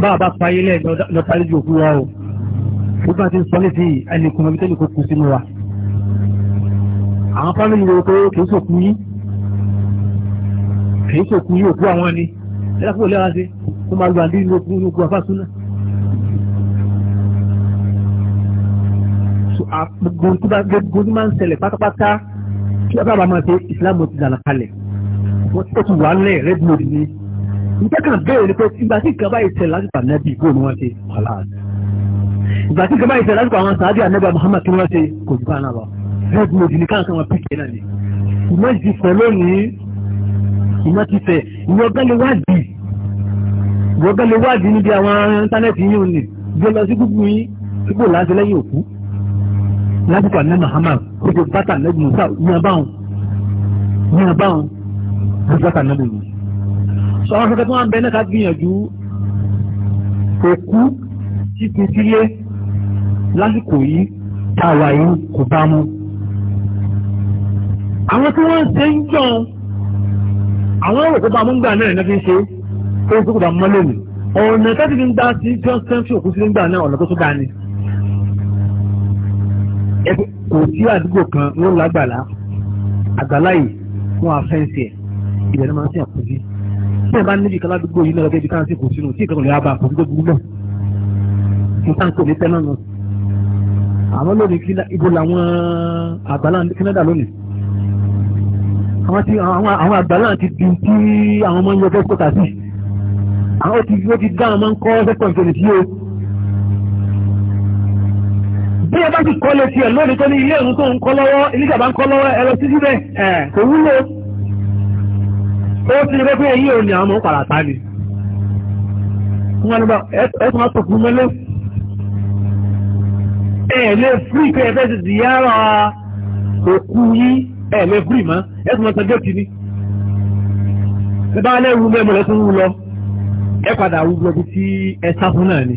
báwa bá fayé lẹ́ẹ̀ lọ parí ju òkú wa o nígbà tí ń sọ níbi ẹnìkan ọbí tẹ́lẹ̀ kó kú sínú wa àwọn fámìlì wo pé kìí sòkú yín kìí sòkú yín òkú àwọn ni ẹ̀dá fún òlẹ́wà sí kó máa lu àdéhùn òkú òkú àfáàsúná gbogbo tí máa ń ṣẹlẹ̀ pátápátá tí wọ́n bá máa ṣe ìsìlámù ti dànù kalẹ̀ wọ́n ti wà lẹ̀ redmond ni nígbà kan bẹ́ẹ̀ ni pé ìgbà tí ìkàbá ìṣẹ̀lẹ̀ láti pa nẹ́bí kó ni wọ́n ṣe wàhálà ìgbà tí ìkàbá ìṣẹ̀lẹ̀ láti pa àwọn sàádì ànẹ́bà Muhammad kí wọ́n ṣe kò jù bá náà lọ redmond ni káàkiri wọn pk náà ni ìmọ̀ òkú lásìkò àná Muhammad kó ti bàtà nẹ́bí Musa yíyan báwọn yíyan báwọn kó ti bàtà nẹ́bí mi. sọ̀rọ̀ sọ̀rọ̀ tó wà ń bẹ náà ká gbìyànjú òkú títí sílé lásìkò yìí tá a wà yìí kò bá mu. àwọn tí wọ́n ń ṣe ń jọ àwọn òkú bá mú náà ní wọ́n fi ń ṣe ó ń sókòdà mọ́lẹ̀ mi ọ̀nà tó ti ń gbà sí john century òkú sí ń gbà náà ọ̀nà tó tó dáa kò sí àdúgbò kan wọ́n lágbàlá àgbàlá yìí wọ́n á fẹ́ǹsì ẹ̀ ibẹ̀ náà máa ń sìn àkójú bí ẹ̀ bá níbi kan ládùúgbò yìí náà gẹ́gẹ́ bí káńsì kò sínú tí ìkàkùn lè wá bá àkójú tó burú náà kí táǹkì ò ní tẹ́ náà nù. àwọn lónìí kí ibo làwọn àgbàlá Kánádà lónìí àwọn àgbàlá ti di tí àwọn ọmọ ń yọ fẹ́ kọ́tà sí àwọn ó ti dá àwọn ọmọ ń kọ́ fẹ́ kọ́ńtẹ̀lì sí o tí ẹ bá sì kọ́ létí ẹ̀ lónìí tó ní ilé ìrún tó ń kọ́ lọ́wọ́ iléjàmbá ń kọ́ lọ́wọ́ ẹ lọ sí síbẹ̀ kò wúlò ó ti rẹ́ pé èyí ò ní àwọn ọmọ pàrà ta ni wọ́n ní bá ẹ tún á tó fún mẹ́lẹ́ ẹ lè fúrì pé ẹ fẹ́ ti ziyara òkú yín ẹ lè fúrì mọ́ ẹ tún á géètì ni ẹ bá lẹ́rù mẹ́mọ́ ẹ wú lọ ẹ padà wú lọ bí tí ẹ sá fún náà ni.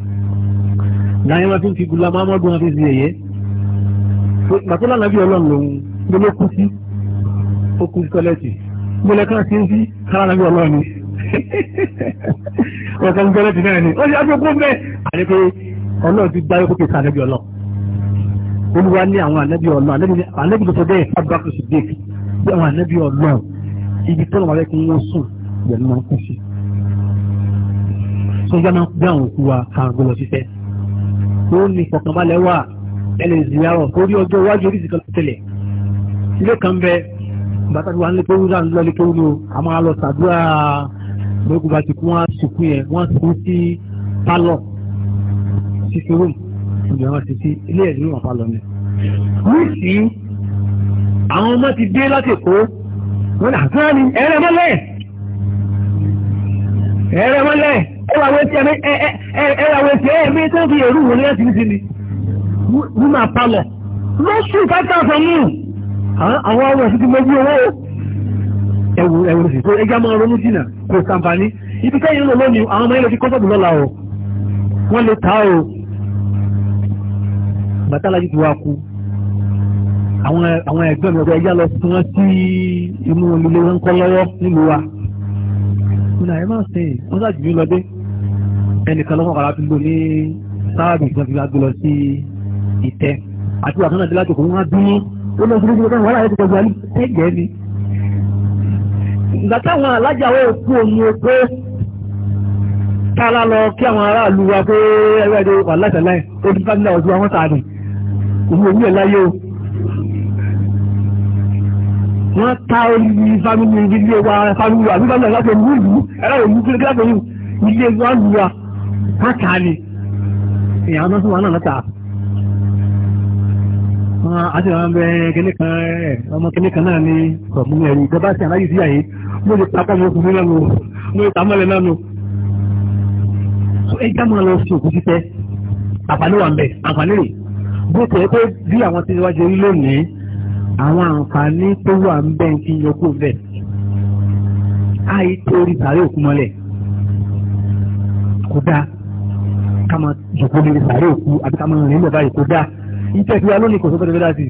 na láyé wọn fi ń fi gula mahamadu wọn fi ń fi ẹ̀yẹ màtọ́lá nàbí ọlọ́run lòun ló ló o sí ó kú sí tọ́lẹ́tì mo lẹ́ka sí ń fi kára nàbí ọlọ́run o wọ́n kọ́ ń tọ́lẹ́tì náà ni ó ṣe àbí okú mẹ́ àti pé ọlọ́run ti gbá yókù kéka nàbí ọlọ́run olúwa ní àwọn ànábì ọlọ́run ànábì tó sọ bẹ́ẹ̀ abdulkar sùdẹ́k bí àwọn ànábì ọlọ́run ibi tọ́lọ̀ wà lẹ́kùn wọn sùn ìyẹn ló máa ń kú sí. sọ́jà máa ń gbé àwọn òkú wa kàgbọ́ lọ sí fẹ́ẹ́ tó ní ìfọ̀kànbalẹ̀ wà ẹni ìzìyàwó tó rí ọjọ́ iwájú orí ìsìnkà tẹ̀lẹ̀ ilé kan bẹ bàtà tí wà nílé kéwú náà lọ lé kéwú ló a máa lọ sàdúrà mẹ́kùnbà ti kú wọn sùkú yẹn wọn sì sí pálọ̀ títí rúm ìgbà wọn sì sí ilé ẹ̀rí wọn pálọ̀ ni. níìsí àwọn ọmọ ti dé láti èkó wọn àgbáni ẹrẹ mọ́lẹ̀ ẹrẹ mọ́lẹ̀ ẹwàwé tí ẹ̀mí tó fi èrú wò ní ẹ̀sìn sí ni wúmà palọ̀ lọ́sù káta àfọ̀mù àwọn ọmọ ẹ̀sìn ti mọ bí owó ẹ̀wù ẹ̀wù sí tó ẹjá máa ronú jìnà kò sàǹfààní ibi kẹ́yìn lò lónìí àwọn ọmọ ilẹ̀ ti kọ́sọ̀bù lọ́la o wọ́n lè ta o bàtàlájì ti wá kú àwọn ẹgbẹ́ mi ọ̀dọ̀ ẹjá lọ sí wọn sí inú ilé wọn kọ́ lọ́wọ́ nílùú wa kúnlẹ̀ ẹ máa sẹ́yìn wọ́n sàjù mí lọ́dé ẹnìkan lọ́wọ́ kàrà tó lò ní sáàbì tó fi gbàgbé lọ sí ìtẹ́ àti wà sọ́nà ìdílájò kò wọ́n á dún ó lọ síbi síbi wàhálà yẹn ti gbàgbé alẹ́ tẹ́gbẹ́ ni. ìgbà táwọn alájà wọ́n kú omi oko tálá lọ kí àwọn aráàlú wa pé ẹgbẹ́ ẹ̀dẹ̀ wà láìsẹ̀ láì ó ti fámílà ọ̀dún àwọn sáà wọ́n ta orí fámìlì ilé wa fámìlì wa nígbà náà láti mú ìlú ẹ̀rọ ìlú kí lókè láti mú ilé wa lù wa wọ́n ta ni èèyàn náà sún wa náà lọ́ta. àti àwọn ọmọ kìnìún kan ọmọ kìnìún kan náà ni ọ̀mú ẹ̀rù ìjọba sí aláyé sí àyè mo lè ta kọ́mọ ọkùnrin náà nù mo lè ta mọ́lẹ̀ náà nù. ẹja máa lọ sí òkú títẹ́ àǹfààní wà ń bẹ̀ àǹfààní rẹ̀ bó tẹ̀ pé bí àwọn ti wájú orí lónìí àwọn àǹfààní tó wà ń bẹ́ ń fi yọkú bẹ̀ àìtó orí sàárè òkú mọ́lẹ̀ kò dáa ká máa jòkó lórí sàárè òkú àbí ká máa rìn lọ báyìí kò dáa iṣẹ́ ìfìyà lónìí kò sọ́tọ̀ lọ́dá sí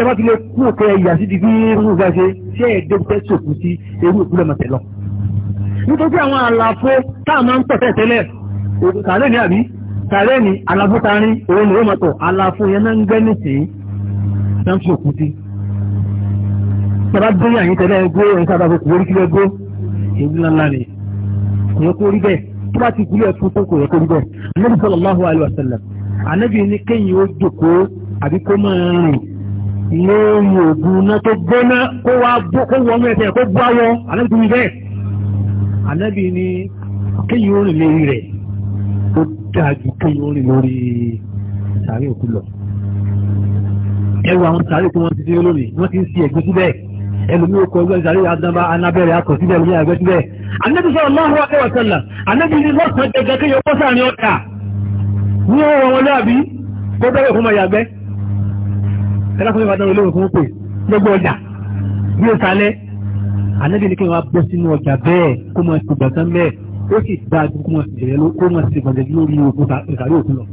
ẹ bá ti lè kú òkè ẹ̀yà sí ti fi rúrú bá ṣe ṣé ẹ̀dẹ́ tẹ́ sòkú sí eré òkú lọ́mọ tẹ̀lọ. nítorí àwọn àlàfo tá a máa ń pọ̀tẹ́ tẹ́lẹ̀ sàárè ni àbí sàárè ni àlàfo tarin òun ni ó mọ̀tọ̀ àlàfo yẹn náà ń gbẹ́ nìsín náà ń sòkú sí bàbá dórí àyín tẹ̀lé ẹgbó ẹ̀ sábà kò orí kílẹ̀ ẹgbó èyí ńláńlá ni kò yẹ kó rí bẹ́ẹ̀ tó bá ti gúlẹ̀ fún tó kò yẹ kó rí bẹ́ẹ̀ anabi sallallahu alayhi wa sallam anabi ní kéyìn ó jòkó àbí kó máa rìn lórí ògùn náà tó gbóná kó wá bó kó wọ́n mẹ́tẹ̀ kó gbá wọn anabi tó rí bẹ́ẹ̀ anabi ní kéyìn ó rìn lórí rẹ̀ ó dáa kéyìn ó rìn lórí sàárè òkú lọ ẹwà àwọn sàárè tí wọ́n ti dé lónìí wọ́n ti ń ṣe ẹ̀gbẹ́ ẹlòmí okò ẹgbẹ́ ìsàrí àdánbá anábẹ́rẹ́ akọ̀síbẹ̀ ẹlòmí àgbẹ̀ síbẹ̀ anábì sọ̀rọ̀ máa wá kẹwàá sẹ́là anábì ní lọ́sàn gẹ́gẹ́ kí yóò pọ́sà ní ọ̀tà ní ọwọ́ wọn láàbí kó bẹ́rẹ̀ fún ọmọ yàgbẹ́ ẹlẹ́kùnrin bá dáwọ́ olóòrùn fún pè gbogbo ọjà bí ó sálẹ̀ anábì ní kí wọ́n bọ́ sínú ọjà bẹ́ẹ̀ kó mọ̀ sí gbọ̀nsán bẹ́ẹ̀ ó sì dáa ju kó mọ̀ sí jẹ̀rẹ̀ kó mọ̀ sí gbọ̀nsán lórí òkú ìsàrí òkú lọ.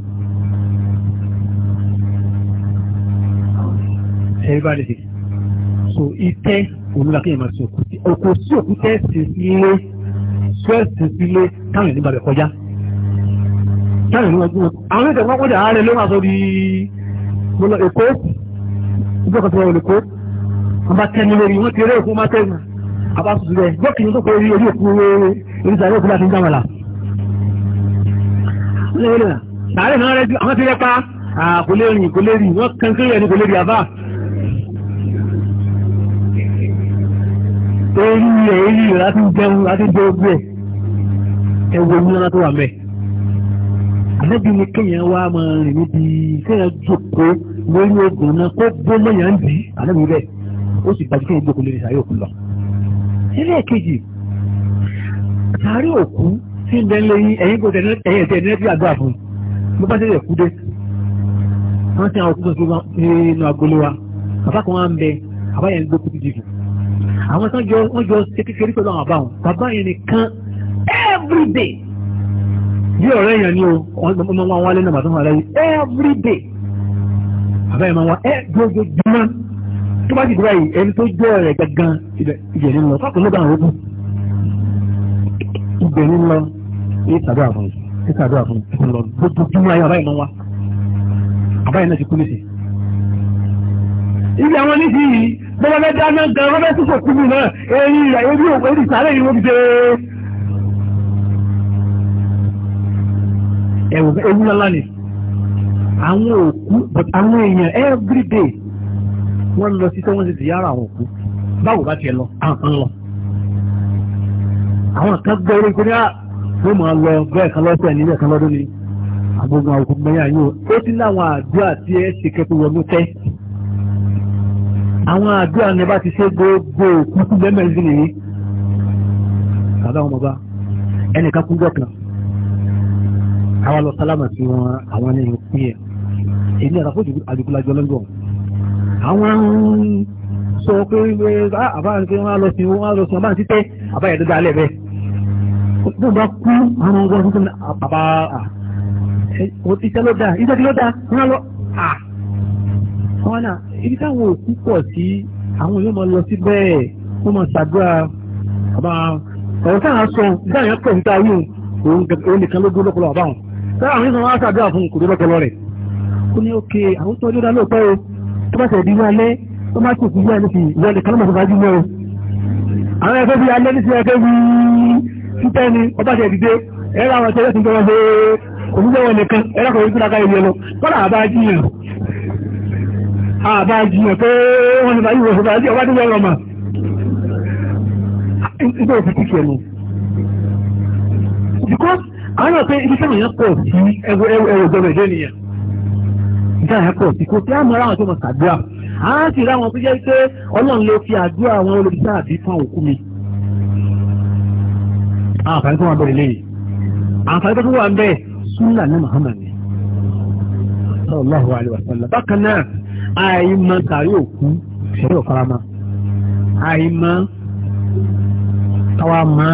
everybody so itẹ́ òun la kéèyàn máa sin òkú sí òkú sí òkú tẹ́ sí sílé sọ́ẹ̀ sí sílé táwọn ènìyàn bàbẹ̀ kọjá táwọn ènìyàn gbọ́n àwọn ènìyàn gbọ́n kọjá ààrẹ ló máa sọ di mo lọ èkó ìgbọ́ kan tó wọlé kó wọ́n bá tẹ́ mi lórí wọ́n ti eré òkú máa tẹ́ àbá sùn sílẹ̀ gbọ́kìnrin tó kọ orí orí òkú oríṣiríṣi òkú láti ń dámọ̀lá sáré náà rẹ àwọn ti rẹ pa kò lè rìn kò lè rìn wọ́n kankan yẹn ni kò lè rìn àbá èyí rẹ̀ èyí rẹ̀ láti jẹun láti jẹ ogbẹ́ ẹwọ ní ọ̀nà tó wà mẹ́. àlẹ́bí ni kéèyàn wá máa rìn níbi kéèyàn jókòó lórí oògùn náà kó gbó lẹ́yìn àǹdí àlẹ́bí rẹ̀ ó sì gbàgbé kéèyàn jókòó lórí sàárè òkú lọ. sílẹ̀ kejì sàárè òkú tí ń bẹ́ lẹ́yìn ẹ̀yìn kò tẹ̀lé ẹ̀yìn tẹ̀lé bí àgbà fún un bó bá tẹ̀lé kú dé. wọ́n ti àwọn òkú kan àwọn tó jọ wọ́n jọ ṣe kékeré pẹ̀lú àwọn àbáwọn bàbá yẹn nìkan everyday bí ọ̀rẹ́ yẹn ni o ọmọ wọn wálé náà bàtọ́ wọn rẹ̀ everyday bàbá yẹn máa wá ẹ gbogbogbò tó bá ti dúró yìí ẹni tó jọ rẹ̀ gangan ibẹ̀ ni lọ fákùn ló bá àwọn ogun ibẹ̀ ni lọ ní ìsàdúrà fún yìí ìsàdúrà fún yìí lọ gbogbogbò ayé àbáyé máa wá àbáyé náà ti kú nísìnyí. ibi àwọn nísìnyí bọ́wọ́ lẹ́jà náà gan rọ́bẹ́ tó sọ̀kú mi náà èyí ìyá ebi òkú èdè ìsàlẹ̀ yìí wọ́n ti dé. ẹ̀wọ̀n ewu ńlá ni àwọn òkú but àwọn èèyàn wọ́n lọ sí ti àwọn òkú báwo bá tiẹ̀ lọ àwọn lọ. àwọn kan gbọ́ orí kúrẹ́ à ló máa lọ bẹ́ẹ̀ kan lọ́sẹ̀ nílẹ̀ kan lọ́dún ni àgbọ̀ngàn òkú gbẹ̀yà yìí ó ti láwọn àdúrà tí ẹ ṣe kẹ́kọ̀ọ́ wọnú àwọn àdúrà ní bá ti ṣe gbogbo òkúkú lẹ́mẹ̀ẹ́sì nìyí bàbá wọn bàbá ẹnìkan kú jọ̀kan àwọn lọ sálámà sí wọn àwọn ẹni ìpín ẹ̀ èyí ni àtàkùn àdìgúnlájọ lọ́gbọ̀n àwọn sọ pé àbáǹtí wọn lọ sí wọn lọ sí wọn bá ń títẹ́ àbáyẹ̀ dọ́dọ̀ alẹ́ bẹ́ẹ̀ bó bá kú àwọn ọgbọ́n tuntun àbá iṣẹ́ ló dáa iṣẹ́ ló dáa wọn lọ ah ibi táwọn òkú pọ̀ sí àwọn èèyàn máa lọ sí bẹ́ẹ̀ wọ́n máa ṣàdúrà àbá ọ̀rọ̀ táwọn sọ dáhùn yẹn pọ̀ níta yìí òun nìkan ló dúró lọ́pọ̀lọ́ àbáwọn táwọn àwọn èèyàn máa ṣàdúrà fún kò dúró lọ́pọ̀lọ́ rẹ̀ ó ní òkè àwọn tó ọjọ́ dá lóòótọ́ o tó bá tẹ̀lé ìlú alẹ́ tó má tẹ̀sí ìlú alẹ́ sí ìlú alẹ́ kan lọ́mọ̀ tó bá jù mọ́ o àwọn ẹgbẹ́ bíi alẹ́ ní ti ẹgbẹ́ wíí títẹ́ ni ọba tẹ̀ dìde ẹ̀rọ àwọn tẹ̀lé ti ń tọrọ ṣe òṣìṣẹ́ wọn nìkan ẹ̀rọ kò ní àbá jiyàn pé wọ́n ti báyìí wọ́n ti ọba tó yọ ọ̀rọ̀ mà nígbà òfin ti kẹ̀ nù. because àwọn náà pé ibi sẹ́wọ̀n yẹn pọ̀ sí ẹwọ ẹwọ ẹwọ gbọmọ ìdé nìyẹn ìjà yẹn pọ̀ sí kò tí a mọ ara àwọn tó mọ sàdúrà á sì rí àwọn tó jẹ́ pé ọlọ́run ló fi àdúrà àwọn olùdíjà àbí fún àwọn òkú mi. àǹfààní tó wà bẹ̀rẹ̀ lẹ́yìn àǹfààní tó wà bẹ̀rẹ̀ súnlà ní Muhammad ni. sallallahu alaihi wasallam bákan náà àìmọ̀ sàrí òkú ṣẹ̀rí ọ̀farama àìmọ̀ káwa mọ̀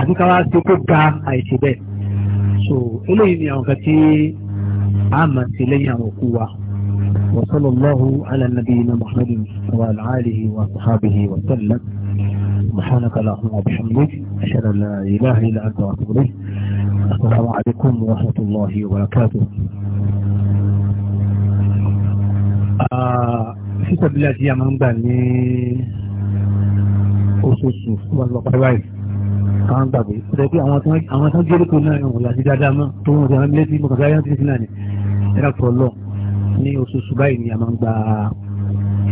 àti káwa ṣe kó ga àìṣe bẹ́ẹ̀ so eléyìí ni àwọn kan tí a mọ̀ sí lẹ́yìn àwọn òkú wa وصلى الله على نبينا محمد وعلى آله وصحبه وسلم سبحانك اللهم وبحمدك أشهد أن لا إله إلا أنت وأتوب إليك السلام عليكم ورحمة الله وبركاته Ah, sísọ bílẹ̀ tí a máa ń gbà ní oṣooṣù fún ọlọ́pàá báyìí káwọn gbàgbé ọ̀dọ̀ pé àwọn tó ń jẹ́ lóko náà wọ̀nyí àti dáadáa mọ́ tó ń wọ̀nyí àwọn ilé tí mo kàn sáyẹ́ títí náà ni ẹ̀rọ pọ̀ lọ ní oṣooṣù báyìí ni a máa ń gba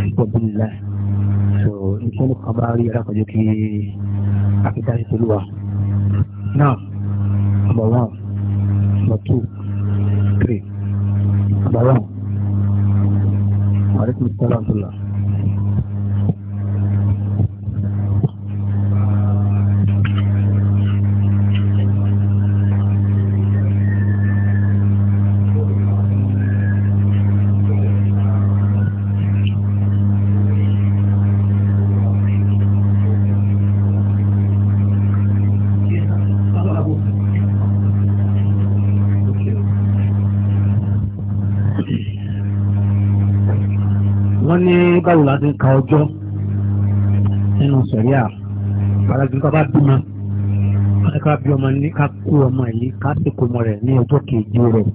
sísọ bílẹ̀ so nǹkan ní kan bá rí ẹ̀rọ pàjọ́ kí akédáyé tó lùwà náà number one number two three number one àríkùn sálàmùsùlà. báwo la ti ń ka ọjọ́ nínú sẹ̀ríà paragun ká bá bímọ ká bí ọmọ ní ká kú ọmọ yìí ká sì kó ọmọ rẹ̀ ní ọjọ́ kejì rẹ̀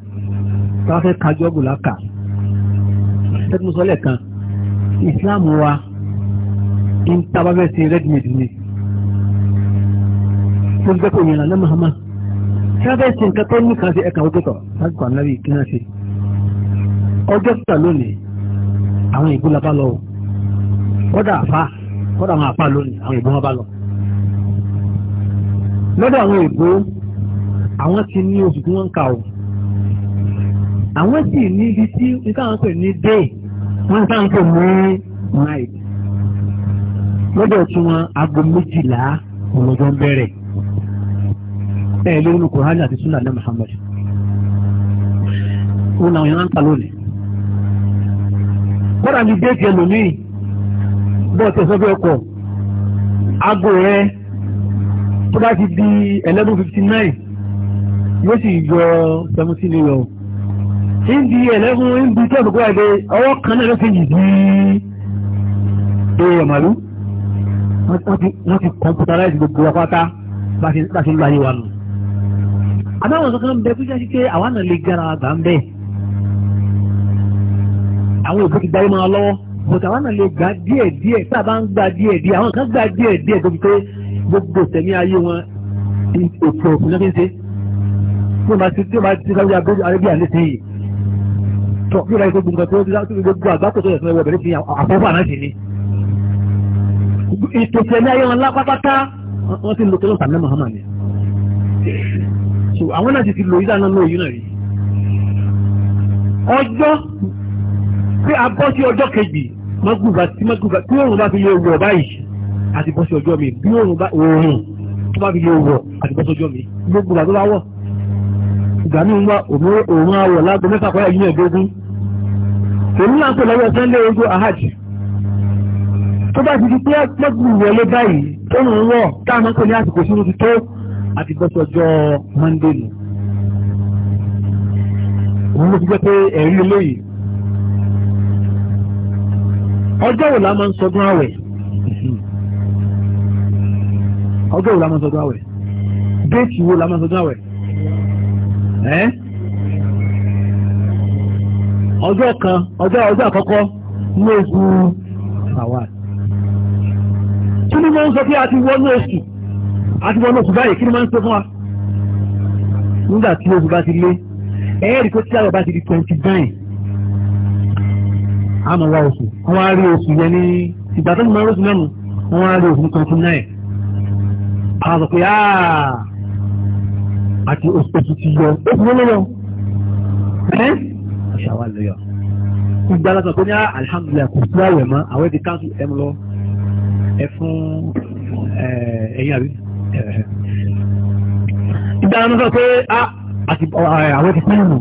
ká kájọ́ bùlá kà Islam wa ń tábàbẹ́ sí rẹ́dìmẹ̀dì ni tó ń dẹ́kun yẹn lánàá mahama sábẹ́ ṣe nǹkan tó ní kan sí ẹ̀ka ọgọ́tọ̀ láti kọ́ ànábì kí náà ṣe ọjọ́ kíkà lónìí àwọn ìgbó lọ́wọ́ kódà àfa kódà àwọn lónìí àwọn ìbò wọn bá lọ. lọ́dọ̀ àwọn ìbò àwọn ti ní oṣù tí wọ́n ń kà àwọn sì ní ibi tí nǹkan àwọn pè ní day wọ́n sáà ń pè ní night lọ́dọ̀ tí wọ́n aago méjìlá ọlọ́jọ́ ń bẹ̀rẹ̀ bẹ́ẹ̀ àti ní bọ́ọ̀tì ẹ̀sọ́ bí ọkọ̀ aago rẹ tó bá ti di eleven fifty nine yóò sì yọ seventeen ní yọ ń di eleven ń di twelve kó àgbẹ̀ ọwọ́ kan náà ló fi yìí di èèyàn màlúù wọ́n ti kọ̀mpútaráìsì gbogbo wa pátá bá ti ń lo ayé wa nù. àbáwọn kankan bẹ tó jẹ́ pé àwọn náà lè gara àgbà ń bẹ̀ àwọn òbí ti dárí máa lọ́wọ́ bọ̀dà wọn náà lè gbà díẹ̀ díẹ̀ tá a bá ń gbà díẹ̀ díẹ̀ àwọn kan gbà díẹ̀ díẹ̀ débi pé gbogbo tẹ̀mí ayé wọn òkè òkun lọ́kẹ́ ṣe tí wọ́n bá ti tí wọ́n bá ti sáwé arábíà létí yìí tọ́ bí wọ́n bá yẹ kó gbogbo tó gbogbo àgbákò tó yẹ fún ẹwọ́ bẹ̀rẹ̀ fi àfọ́fọ́ àná sí ni. ètò tẹ̀mí ayé wọn lápátápátá wọ́n ti lo tó lọ́sàn náà Muhammad ni. àwọn náà ti ti lo yíyá náà lóyún náà rí. ọjọ́ pé a sí ọjọ́ kejì mọ́gbùgbà tí mọ́gbùgbà tí òòrùn bá fi lè wọ̀ báyìí àti bọ́sí ọjọ́ mi bí òòrùn bá òòrùn tó bá fi lè wọ̀ àti bọ́sí ọjọ́ mi gbogbo ìgbà tó bá wọ̀ ìgbà mi ń wá òòrùn àwọ̀ lágbo mẹ́fà pẹ́lú yìí ẹ̀dógún èmi náà pè lọ́wọ́ sunday ojú ahaj tó bá ti di pé mọ́gbùgbà wọlé báyìí tó ń wọ̀ táwọn pè ní àsìkò sínú ti tó àti bọ́sí ọjọ́ monday nù. òun ló fi jẹ́ pé ẹ̀rí eléyìí ọjọ́ wo la máa ń sọdún àwẹ̀ ọjọ́ wo la máa ń sọdún àwẹ̀ déètì wo la máa ń sọdún àwẹ̀ ẹ́ ọjọ́ kan ọjọ́ ọjọ́ àkọ́kọ́ ní oṣù àwa kí ni máa ń sọ pé a ti wọnú oṣù a ti wọnú oṣù báyìí kí ni máa ń sọ fún wa nígbà tí oṣù bá ti lé ẹ̀ẹ́dì tó tí àwẹ̀ bá ti di twenty nine àmọ́ wá oṣù wọ́n á rí oṣù yẹn ní ìgbà tó ń mọ oṣù mẹ́nu wọ́n á rí oṣù twenty nine àwọn sọ pé ah, àti oṣù ti yọ oṣù mẹ́nu lọ ẹ́ ṣàwá lè yọ. ìgbà lásán tó ní ah, alihamudulilayi kò sí àwẹ̀ mọ́ àwọn èdè káńtù ẹ̀ ń lọ ẹ fún ẹ̀yìn àbí ìgbà lásán pé ah, àwọn ti pẹ́ ìmọ̀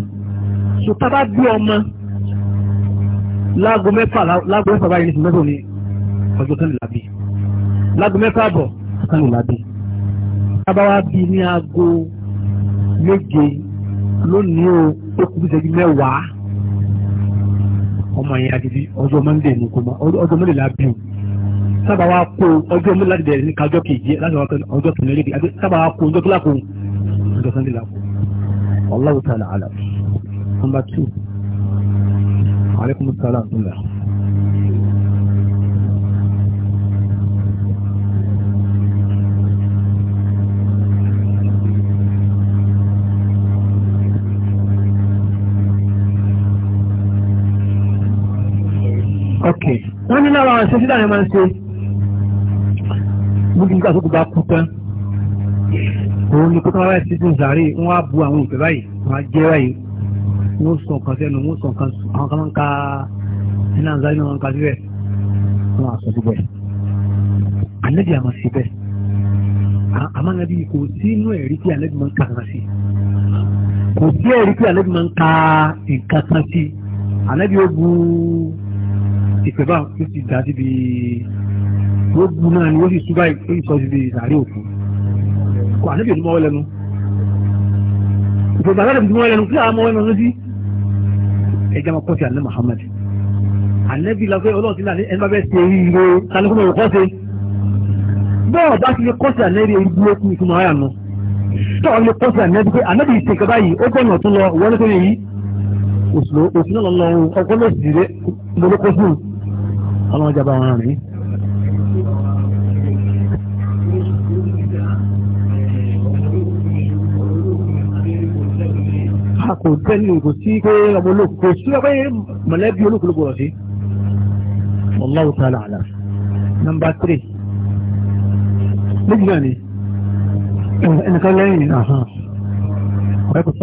so tábà bí ọmọ láago mẹ́fà láago mẹ́fà báyìí nísìnyí mẹ́fà ní ọjọ́ kan nìlá bí láago mẹ́fà bọ̀ kan nìlá bí tábàwá bí ní aago méje lónìí o ó kú bí sẹ́jú mẹ́wàá ọmọ yẹn adidi ọjọ́ mọ́ndé ní kò mọ́ ọjọ́ mọ́ndé la bí o tábàwá kó ọjọ́ mọ́ndé láti bẹ̀rẹ̀ ní kájọ́ kejì láti wá ọjọ́ kejì lórí àti tábàwá kó ọjọ́ tó lákòó ọjọ́ sọ́ndé làkó Allahu ta'ala alam. Number two alaikum salaam tula. ok wọ́n ní lára ṣe sídà ní máa ń ṣe gbogbo nígbà tó kò bá kú tán òun ni kó tó wáyé títí sàárè wọ́n á bu àwọn ìpè báyìí wọ́n á jẹ́ báyìí wọ́n sọ nǹkan sẹ́nu wọ́n sọ nǹkan àwọn kan máa ń ka iná ń záyé wọn ká síbẹ̀ wọ́n á sọ gbogbo ẹ̀ ànábì àmọ́ sí bẹ́ẹ̀ àmọ́ ànábì kò sí inú ẹ̀rí tí ànábì máa ń ka kan sí kò sí ẹ̀rí tí ànábì máa ń ka nǹkan kan sí ànábì ó bu ìpè bá ó sì dá síbi ó bu náà ni ó sì súbà ó sì sọ síbi ìsàrí òkú kò ànábì ò ní mọ́ wọ́n lẹ́nu ìpè bàbá rẹ̀ bí wọ́n lẹ́nu kí àwọn ọmọ wọn lọ sí ẹja máa kọ́sí alẹ́ Muhammad alẹ́bí lọ́fẹ́ ọlọ́ọ̀tí náà ẹni bá bẹ́ẹ̀ ṣe ríro kálukúmọ̀ ò kọ́sí bọ́ọ̀ bá ti lè kọ́sí alẹ́bí ojú okùn ìtumọ̀ ara nù tọ́ọ̀ lè kọ́sí alẹ́bí pé alẹ́bí ìṣe ìkẹ́ báyìí ó gbọ́nà tún lọ ìwọ́n lókè yìí òṣìlọ́ òṣìlọ́ lọ́wọ́ ọkọ́ lọ́sì rẹ̀ lọ́lọ́kọ́sí ọlọ́run jábá wọn rìn kò tẹ́lẹ̀ kò sí pé ọmọ olóko kò sí ọgbẹ́ mọ̀lẹ́bí olókolóko rọ̀ sí. Allahu ta'ala àlà. Nọmba tírì. Méjì náà ni. Ẹnìkan lẹ́yìn ọ̀hán. Ọ̀rẹ́kùn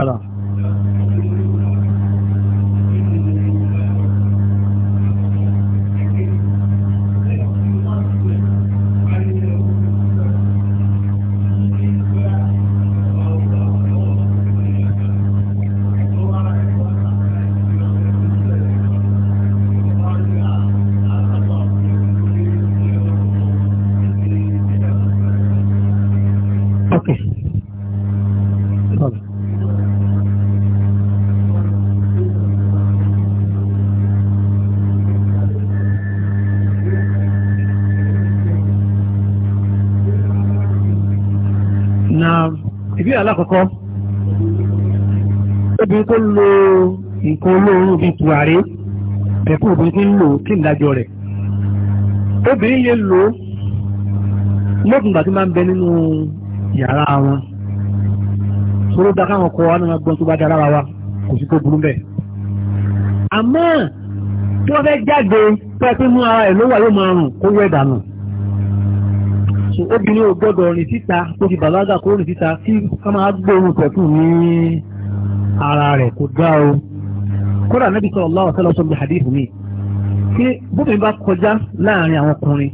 alákọ̀ọ́kọ́ obìnrin tó lo nǹkan olóorun bíi tùwárí pẹ̀kú obìnrin tí ń lò kí n dájọ́ rẹ̀ obìnrin yẹn lò ó lókun gbà tí máa ń bẹ nínú yàrá wọn sóró da káwọn ọkọ wa náà gbọ́n tó bá dára wa kò sí tó burú bẹ́ẹ̀ àmọ́ tí wọ́n fẹ́ jáde pé pé mú ara ẹ̀ ló wà yóò máa rùn kó wẹ̀ dànù so obìnrin ò gbọ́dọ̀ rìn síta tó fi bàlágà kó rìn síta kí ká máa gbóòórùn pẹ̀tù ní ara rẹ̀ kò dá o kódà Nábì sallallahu alaihi wasallam bí hadith mi pé bóbìnrin bá kọjá láàrin àwọn ọkùnrin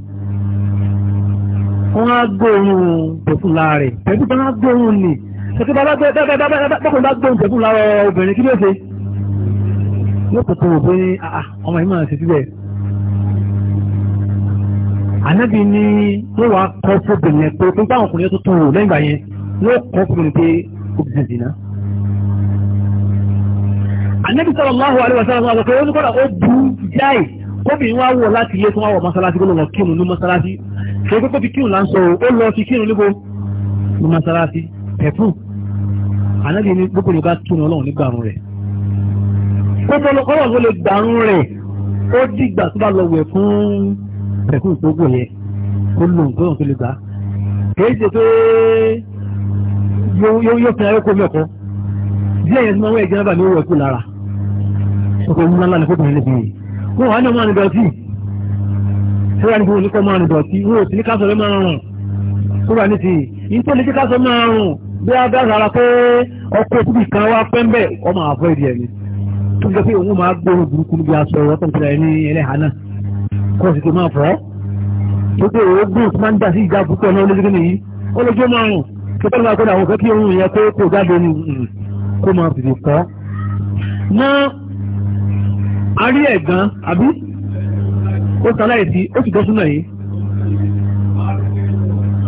wọ́n á gbóòórùn pẹ̀tù lára rẹ̀ pẹ̀tù bá gbóòórùn nì ṣètò bá bákùnrin bá gbóòórùn pẹ̀tù lára obìnrin kí ló ṣe yóò kò tó wò pé ah, ah, ọmọ yìí máa ṣe síbẹ̀ ànábì ní wọ́n wá kọ́ fóbìnrin pé tó bá ọkùnrin tó tún wò lẹ́yìn ìgbà yẹn wọ́n kọ́ fóbìnrin pé obìnrin dìnnà. ànábì sallallahu alaihi wasallam àwọn ọ̀pẹ̀ oníkọ́ra ó bú jáì kóbìnrin wá wọ̀ láti ilé tó wá wọ̀ mọ́sálásí kó lọ kírun ní mọ́sálásí ṣe kókó fi kírun là ń sọ ó lọ fi kírun níbo ní mọ́sálásí pẹ̀fù ànábì ní gbogbo ní kírun ọlọ́run nígbà rẹ̀ kókó lọ́kọ́ lọ́wọ́ lè gbàrún rẹ̀ ó dìgbà tó bá lọ wẹ̀ fún pẹ̀kún ìtógò yẹn kó lò ń gbọ́n tó lè gbà kìí ṣe pé yóò fi ayọ́kọ́ mẹ́kọ́ díẹ̀ yẹn tí wọ́n wẹ̀ jẹ́ náà ní owó ẹ̀kú lára ọkọ̀ ńlá ńlá ní kó bẹ̀rẹ̀ níbi yìí wọn wà ní ọmọ àrùn dọ̀tí tó wà ní kí wọn ní kọ́ ọmọ àrùn dọ̀tí wọn ò sì ní káṣọ rẹ máa rùn tó wà ní ti yìí tó lè jẹ́ káṣọ máa rùn bí a bá rárá pé ọkọ̀ òkúbi kan wá pẹ́ńbẹ́ ọmọ àfọ́ ìdí ẹ̀mí tó jẹ́ pé òun máa gbóòrò burúkú níbi aṣọ ọ̀rọ̀ tó ń tẹ̀lé ẹlẹ́hàá náà kó o sì tó máa fọ́ gbogbo èrò gùn tí máa ń dà sí ìjà púpọ̀ náà lójúgbìn yìí ó lójú máa rùn kí pẹ́lú máa kọ́dà àwọn òfẹ́ kí ohun yẹn pé kò jáde ní kó máa fìdí kọ́. ná a rí ẹ̀gán àbí ó sàlàyé sí ó sì dọ́sùn náà yìí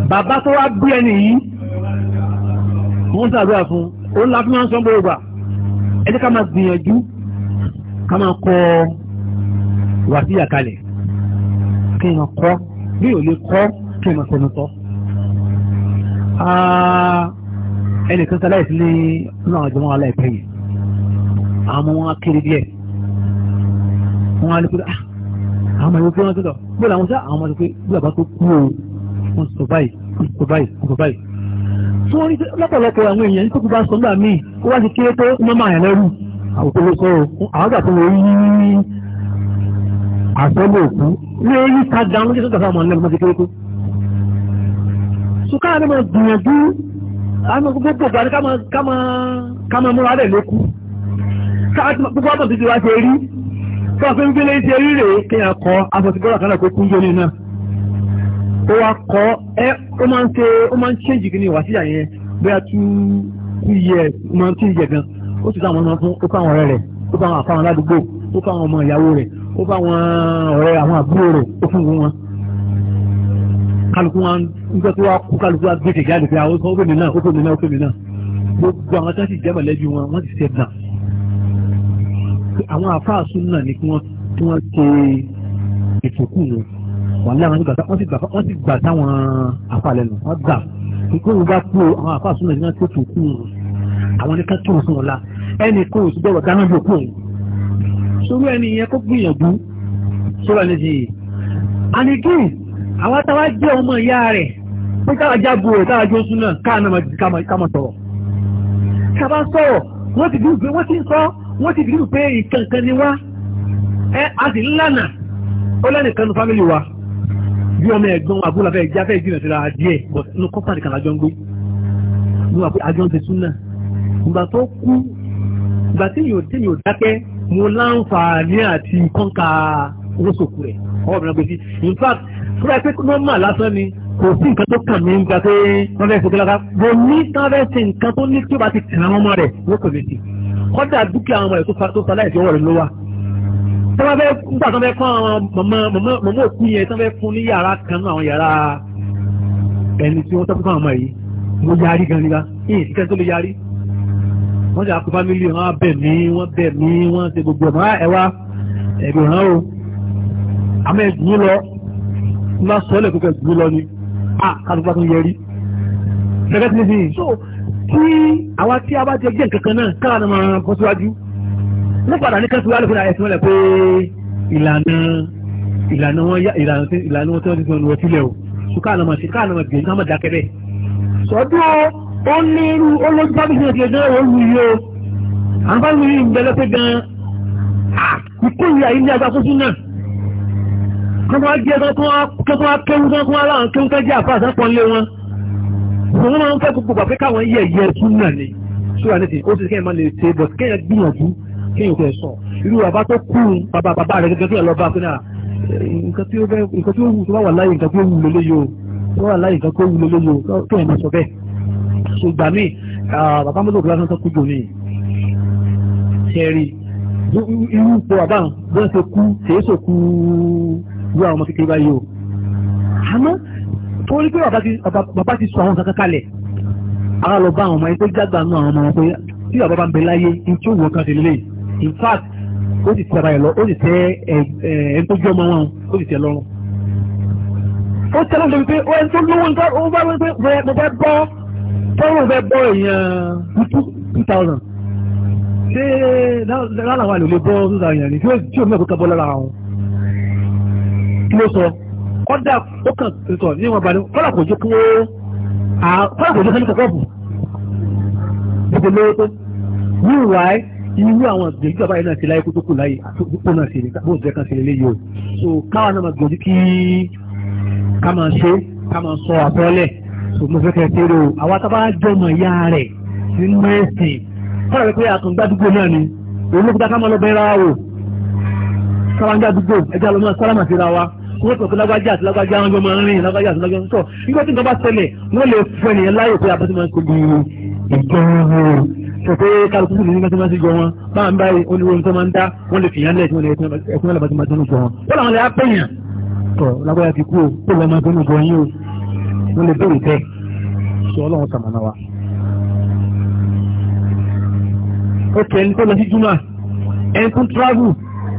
bàbá tó wá bí ẹni yìí wọ́n sàdúrà fún òun láti máa ń sọ gbogbo gbà ẹ ká máa gbìyànjú ká máa kọ wàsíyà kalẹ̀ kí n kọ́ bí ò lè kọ́ kí n fẹnu tọ́. ẹnìkan sọ aláìsí ní náà jẹ́ aláìpẹ́ yìí àwọn wọn kiri díẹ̀ wọn á lè pé ah, àwọn ọmọ ìwé pé wọn tó lọ bí làwọn sọ àwọn ọmọ tó pé bí bàbá tó kú o wọn sọ báyìí sọ báyìí sọ báyìí tí wọ́n rí lọ́pọ̀lọpọ̀ àwọn èèyàn tó kú bá sọ nígbà míì ó wá ti kéré tó mọ́mọ́ àyàn lẹ́rù àwọn àgbà tó wọ́n yí àsọ́bù òkú ní orí ká dáná kí sọ́jà fáwọn ọ̀nà ọmọdé kékeré. sùkà ni mo gbìyànjú àwọn gbogbo ìgbà ni ká máa múra rẹ̀ lókù gbogbo àbọ̀ títí wá ṣe rí tó wà pé wípé lè ṣe rí rèé kí a kọ afọ̀sígbọ́dọ̀ kan náà kó kún jóni náà ó wá kọ ẹ ó máa ń ṣe ó máa ń ṣe jìgì ní ìwàsíyà yẹn bóyá two two years ó máa ń two years gan ó sì táwọn ọmọ fún ó fáwọn ọ̀rẹ́ rẹ̀ ó fáwọn àfáwọn aládùúgbò ó fáwọn ọmọ ìyàwó rẹ̀ ó bá wọn ọ̀rẹ́ àwọn àbúrò rẹ̀ ó fún wọn kálukú wọn nígbà tó wá kú kálukú wá gbèsè jáde pé àwọn ah, ó fèmí náà ó fèmí náà ó fèmí náà gbogbo àwọn tó ti jẹ́ mọ̀lẹ́bí wọn wọ́n ti ṣe nà àwọn àfáà sún náà ni kí wọ́n tí wọ́n ṣe ìfòkù wọn wọ́n lé àwọn nígbà wọ́n ti gbà táwọn àfáà lẹ́nu wọ́n gbà kí wọ́n bá kú àwọn àfáà sún náà ni wọ́n ti fòkù wọn àwọn ní ká tó wọn fún wọn la ẹnì kó o ti gbọ́dọ̀ dáná bí òkú òun sórú ẹni yẹn kó gbìyànjú sórú ẹni sí yìí and again àwọn táwa jẹ́ ọmọ ìyá rẹ̀ pé káwa jágbo rẹ̀ káwa jó súnà káàmà sọ̀rọ̀ kábà sọ̀rọ̀ wọ́n ti dúró pé wọ́n ti ń sọ wọ́n ti dúró pé ìkankan ni wá ẹ a sì ńlànà ó lẹ́nìkan nu fámìlì wa bí ọmọ ẹ̀gbọ́n àbúrò afẹ́ ìjà fẹ́ ìjìnà síra díẹ̀ but inú kọ́pàdé kan lájọ ń gbé ní wà pé àjọ ń ṣe súnà ìgbà tó kú ìgbà tí yóò dákẹ́ mo láǹfààní àti kọ́ńkà owó sòkò rẹ̀ ọwọ́ mi náà gbèsè in fact fúra pé nọ́mà lásán ni kò sí nǹkan tó kàn mí ń gba pé wọ́n fẹ́ sókè lára mo ní tábẹ́sì nǹkan tó ní tí ó bá ti tẹ̀ àwọn ọmọ rẹ̀ wọ́n kò lè ti kọ́dà dúkìá àwọn ọmọ rẹ̀ tó sa láìsí ọwọ́ rẹ̀ ló wà tọ́wọ́ bẹ́ nígbà tó bẹ́ fún àwọn mọ̀mọ́ òkú yẹn tó bẹ́ fún ní yàrá kan náà àwọn yàrá ẹni tí wọ́n tọ́kùn fún àwọn ọmọ yìí mo yarí gan nígbà yìí síkẹ́ tó lè yarí wọ́n ṣe àkó fámílì wọn bẹ̀ mí wọ́n bẹ̀ mí wọ́n ṣe gbogbo ẹ̀mọ́ ẹ̀wá ẹ̀gbẹ̀ hàn o àmọ́ ẹ̀gbìn lọ ńlá sọ́ọ̀lẹ̀ kókò ẹ̀gbìn lọ ni a kálukú bá tún yẹrí gẹ́gẹ́ tí nìyí so tí àwa tí a bá jẹ jẹ́ nǹkankan náà káà ní máa bọ́ síwájú wọ́n padà ní kẹ́sì wálé fún ẹ̀sìn rẹ̀ pé ìlànà ìlànà wọn yá ìlànà tí wọ́n ti sọ̀rọ̀ wọ́n sílẹ̀ o so káà ní máa ṣe káà ní máa gbìyànjú ká máa dákẹ́ ó lérú ó lójú bá bísí ìṣẹ̀lẹ̀ náà ó lu yìí o àǹfààní mi yìí ń bẹ̀rẹ̀ pé gan ìkó ìyá ilé agbáko sí náà kọ́kọ́ á jẹ́ kọ́kọ́ á kéwú kọ́kọ́ á láwọn kéwú kẹ́jẹ́ àfa àsápọ̀ lé wọn òun máa ń fẹ́ gbogbo àpé káwọn yẹ̀ yẹ tún náà ni ṣúra ní ti ó ti kẹ́yìn máa lè ṣe bọ̀ kẹ́yìn gbìyànjú kẹ́yìn fẹ́ sọ irú bàbá tó kú bàbá bàbá rẹ̀ gẹ́gẹ́ tó yà lọ bá fún náà nǹkan tí ó wù tó wà láyé nǹkan tó wù lélẹ́yò tó wà láyé nǹkan tó wù lélẹ́yò tó yẹ máa sọ bẹ́ẹ̀ so gbà mí bàbá mọ́tò òkúra sọ́tọ́ kú jò ní ṣẹ́rí irú pọ̀ bàbá bọ́n ṣe kú ṣeéṣò kú wú àwọn ọmọ kékeré báyìí o àmọ́ tó rí pé bàbá ti sọ àwọn kankan kalẹ̀ ara lọ bá àwọn ọmọ yẹn tó jágbà nù àwọn ọmọ wọn pé tí bàbá bá ń bẹ láyé ní tí òun kan ṣe lélẹ̀ in fact ó sì tẹ ara ẹ̀ lọ ó sì tẹ ẹ̀ ń tójú ọmọ wọn ó sì tẹ lọ́rùn ó tẹ lọ́rùn pé ó ẹni tó lówó ń bá wọn pé bọ́ tọ́wọ́ fẹ́ bọ́ èèyàn two thousand ṣé lára wa lè lè bọ́ two thousand ni tí yóò mẹ́kọ̀ọ́ bọ́ lára wọn kí ló sọ kọ́dà ó kàn sọ ní wọn balẹ̀ kọ́dà kò jẹ́ kó kọ́dà kò jẹ́ kó ní kọ́kọ́ bù gbogbo lówó tó wíwá irú àwọn ìgbèjú bàbá yìí náà ti láyé kó tó kù láyé tó náà ṣe bó ṣe kan ṣe lélẹ́yìí o so káwa náà máa gbòjú kí ká máa ṣe ká máa sọ àtọ́lẹ̀ tó mo fẹ́ kẹ́ kéré o àwa tá a bá jọmọ ìyá rẹ̀ nínú ẹ̀sìn fọ́nà wípé àtúngbàdúgbò náà ni olókùtà ká máa lọ bẹ́ẹ̀ rárá o sábàǹgà àdúgbò ẹja lọ́mọ sálámà síra wa wọ́n tọ̀ pé lágbájá àti lágbájá wọn jọ máa ń rìn lágbájá àti lágbájá tọ̀ nígbà tí nǹkan bá ṣẹlẹ̀ wọ́n lè fún ẹnìyẹn láyò pé àbọ̀tí máa ń kojú ìjọ wọn sọ pé kálukú sì ní nígbà tí wọ́n ti jọ wọn báà ń báyìí oníwọ̀n tó máa ń dá wọ́n lè fìyàn lẹ̀ tí wọ́n lè ẹkún ẹlẹ́bàtí máa tọ́nu jọ wọn. wọ́n làwọn lè á pẹ̀yàn tọ̀ lágbájá ti kú o tó lọ́ máa tọ́nu jọ yín o ló lè béèrè bẹ́ẹ̀ sọ ọlọ́run tàmánà wa. ó tẹ ẹni tó lọ sí júmọ̀ ẹni tó travel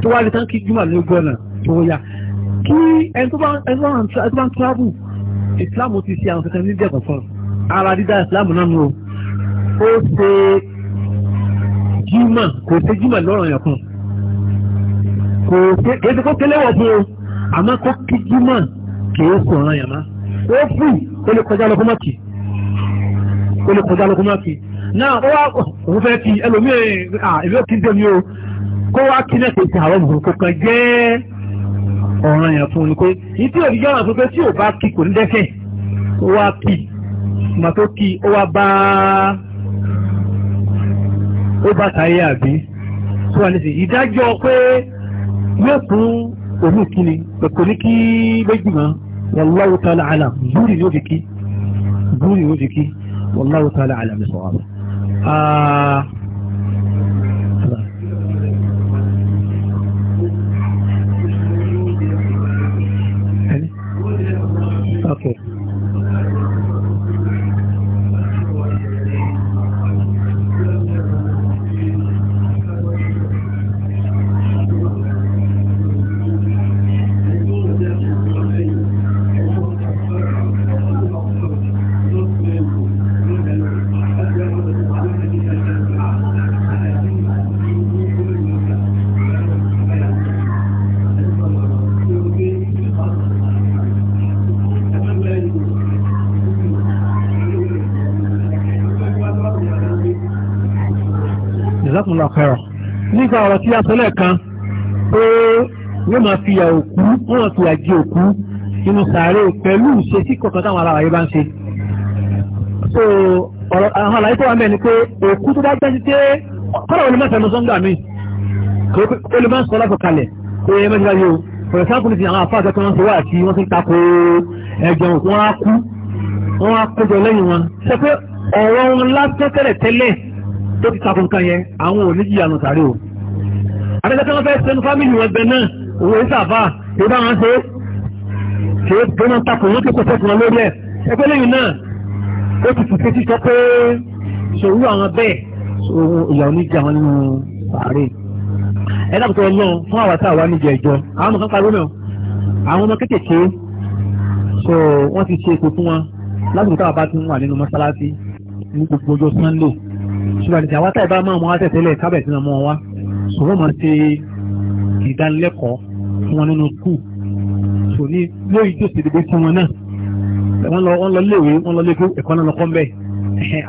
tó wá lè tán kí júmọ̀ ló gbọ́nà tó yá kí ẹni tó bá ń travel Islam ti ṣe àwọn kankan ní ìjẹ̀kọ̀ fún ara dídá Islam náà nù ó ṣe júmọ̀ kò ṣe júmọ̀ lọ́rọ̀ yẹn kan kò ṣe kéde kó kélé wọ̀ fún o àmọ́ kó kí júmọ̀ kì í sọ̀rọ̀ yẹn máa ó fún olè kọjá lọ kọmọ́kì olè kọjá lọ kọmọ́kì náà ó wá òun fẹ́ kí ẹlòmíì à èmi ò kí dé mi o kó wá kí náà tètè àwọn ọmọ kò kàn jẹ́ ọ̀ràn yẹn fún un pé ní òbí jọ́nà fún pé tí ò bá kí kò ní dẹ́sẹ̀ ó wá kí mà tó kí ó wá bá ó bá táyé àbí tó wà nísìnyí ìdájọ́ pé yóò fún òun kí ni kò ní kí méjì mọ́. والله تعالى أعلم زوري يوجكي زوري يوجكي والله تعالى أعلم بصوابه Okay. آه. tí a sọ lẹ́ẹ̀kan pé wọ́n máa fi yà òkú wọ́n máa fi yà jẹ òkú nínú sàárè pẹ̀lú ìṣesí kọ̀ọ̀kan táwọn ará wàyí bá ń ṣe. so ọ̀rọ̀ àwọn àlàyé tó wà mẹ́rin ni pé òkú tó bá jẹ́ sí pé kọ́lọ̀ olè mẹ́ta ẹnu sọ́ńdà mi olè máa ń sọ lápò kalẹ̀ pé ẹ mẹ́ta yóò pẹ̀lú sáàkùnrin ti àwọn àfáà tó wọ́n ṣe wá àti wọ́n ti ń takò ẹ̀jọ̀ wọn á kú wọ́n á kójọ lẹ́yìn wọn ṣe pé ọ̀rọ̀ wọn lásán tẹ́lẹ̀ tẹ́lẹ̀ tó ti takò nǹkan yẹn àwọn ò ní jìyà nù sàárè o àtẹ́kẹ́tẹ́ wọ́n fẹ́ sẹ́nu fámìlì wọn gbẹ náà òwe sàfà yóò bá wọn ṣe ṣe tó máa takò yóò tó kó sẹ́kùn wọn lórí ẹ̀ ẹgbẹ́ lẹ́yìn náà ó ti tù fetí sọ pé ṣòwú àwọn bẹ́ẹ̀ ìyàwó ní jà wọn nínú sàárè ẹ dábòtò ọlọ́run fún àwọn tá a wá níjẹ ìjọ àwọn ọmọ kan parí náà àwọn ọmọ kéékèèké so wọ́n ti ṣe ètò fún wọn lásìkò táwọn bá ti ń wà nínú mọ́ṣáláṣí ní gbogbo ọjọ́ Sunday ṣùgbọ́n àti àwọn tá ìbá máa mọ́ wá tẹ̀tẹ̀lẹ̀ kábẹ̀ sí ọmọ wọn wá so wọ́n máa ṣe ìdánilẹ́kọ̀ọ́ fún wọn nínú skul so ní lórí tó ṣe dédé fún wọn náà wọ́n lọ wọ́n lọ léwe wọ́n lọ léko ẹ̀kọ́ náà lọ́kọ́ mbẹ́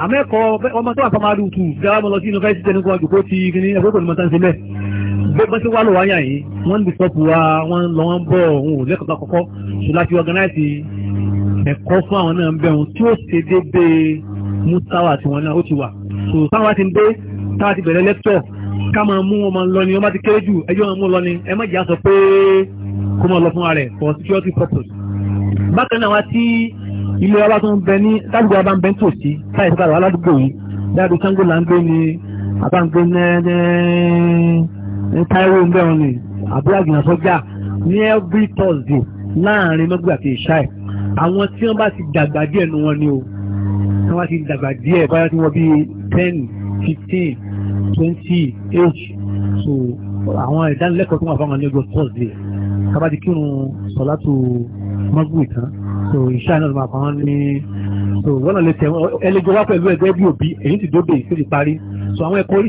amẹ́kọ̀ọ́ ọmọ tó wà fún amadu tù dáwà mọ́ lọ sí yunifásitì tẹnu kó àjòkó ti kíní ẹgbẹ́ kò ní mọ́tà ń ṣe bẹ́ẹ̀ bẹ́ẹ̀ sí wà lọ́wọ́ ayà yìí wọ́n bí sọ́pù wa wọ́n lọ wọ́n bọ̀ òun ò lẹ́kọ̀ọ́ kọ́kọ́ so láti organize ẹ̀kọ́ fún àwọn náà ń bẹ̀rù tí ó ṣe déédéé musawa tí wọ́n náà ó ti wà so táwa ti ń dé táwa ti bẹ̀rẹ̀ lẹ́kítọ̀ ká máa mú wọn máa lọ ni wọn bá ti kéré jù ẹjọ́ máa mú lọ ni ẹ má jà sọ pé kó máa lọ fún ara for security purpose. bákan náà wá tí ilé wa bá tún bẹ ní ládùúgbò wa bá ń bẹ tòsí táyà sí bàbá aládùúgbò yìí dáadọ́ sango là ń gbé ni àbá ń gbé ní táìwò ń bẹ̀ wọn ni àbúrò àgbìnà sọ́jà ní every Thursday láàrin mọ́gbà àti ìṣáì àwọn tí wọ́n bá ti dàgbà díẹ̀ nu wọn ni o wọ́n bá ti dàgbà díẹ̀ báyọ̀ tí wọ́n bíi ten fifteen twenty eight so àwọn ìdánilẹ́kọ̀ọ́ tó wà fáwọn ní ọjọ́ thursday kábàdí kírun sọ̀látù mọ́gbù ìtàn so iṣẹ́ náà máa fáwọn ní so wọ́n náà lè tẹ̀ ẹlẹ́jọ́ wá pẹ̀lú ẹgbẹ́ bí òbí èyí ti dóde ìfẹ́ ti parí so àwọn ẹ̀kọ́ orí